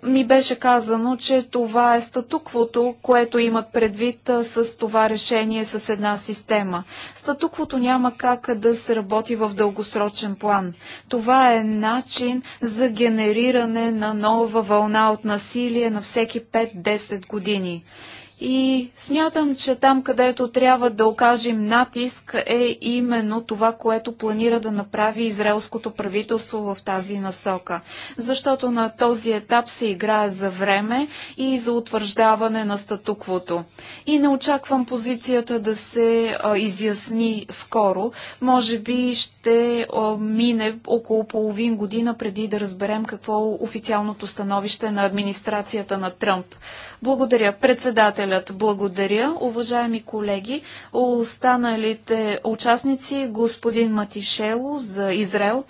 ми беше казано, че това е статуквото, което имат предвид с това решение с една система. Статуквото няма как да се работи в дългосрочен план. Това е начин за генериране на нова вълна от насилие на всеки 5-10 години. И смятам, че там, където трябва да окажем натиск, е именно това, което планира да направи израелското правителство в тази насока. Защото на този етап се играе за време и за утвърждаване на статуквото. И не очаквам позицията да се а, изясни скоро. Може би ще а, мине около половин година преди да разберем какво е официалното становище на администрацията на Тръмп. Благодаря, председател. Председателят, благодаря. Уважаеми колеги, останалите участници, господин Матишело за Израел,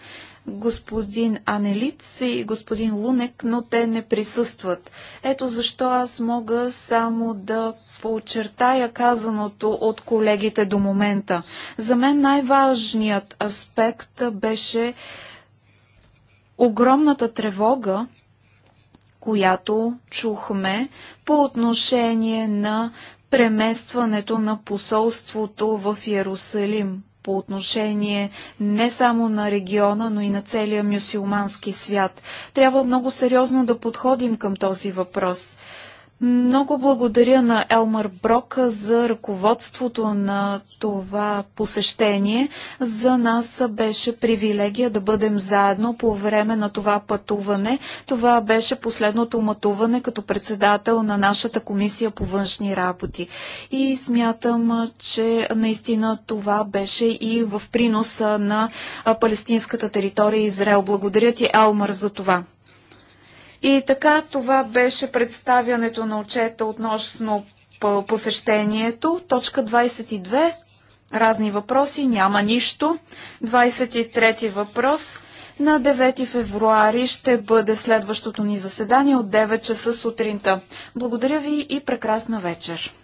господин Анелиц и господин Лунек, но те не присъстват. Ето защо аз мога само да подчертая казаното от колегите до момента. За мен най-важният аспект беше огромната тревога, която чухме по отношение на преместването на посолството в Иерусалим по отношение не само на региона, но и на целия мюсюлмански свят. Трябва много сериозно да подходим към този въпрос. Много благодаря на Елмар Брок за ръководството на това посещение. За нас беше привилегия да бъдем заедно по време на това пътуване. Това беше последното мътуване като председател на нашата комисия по външни работи. И смятам, че наистина това беше и в приноса на палестинската територия Израел. Благодаря ти, Елмар, за това. И така това беше представянето на отчета относно посещението. Точка 22. Разни въпроси. Няма нищо. 23 въпрос. На 9 февруари ще бъде следващото ни заседание от 9 часа сутринта. Благодаря ви и прекрасна вечер.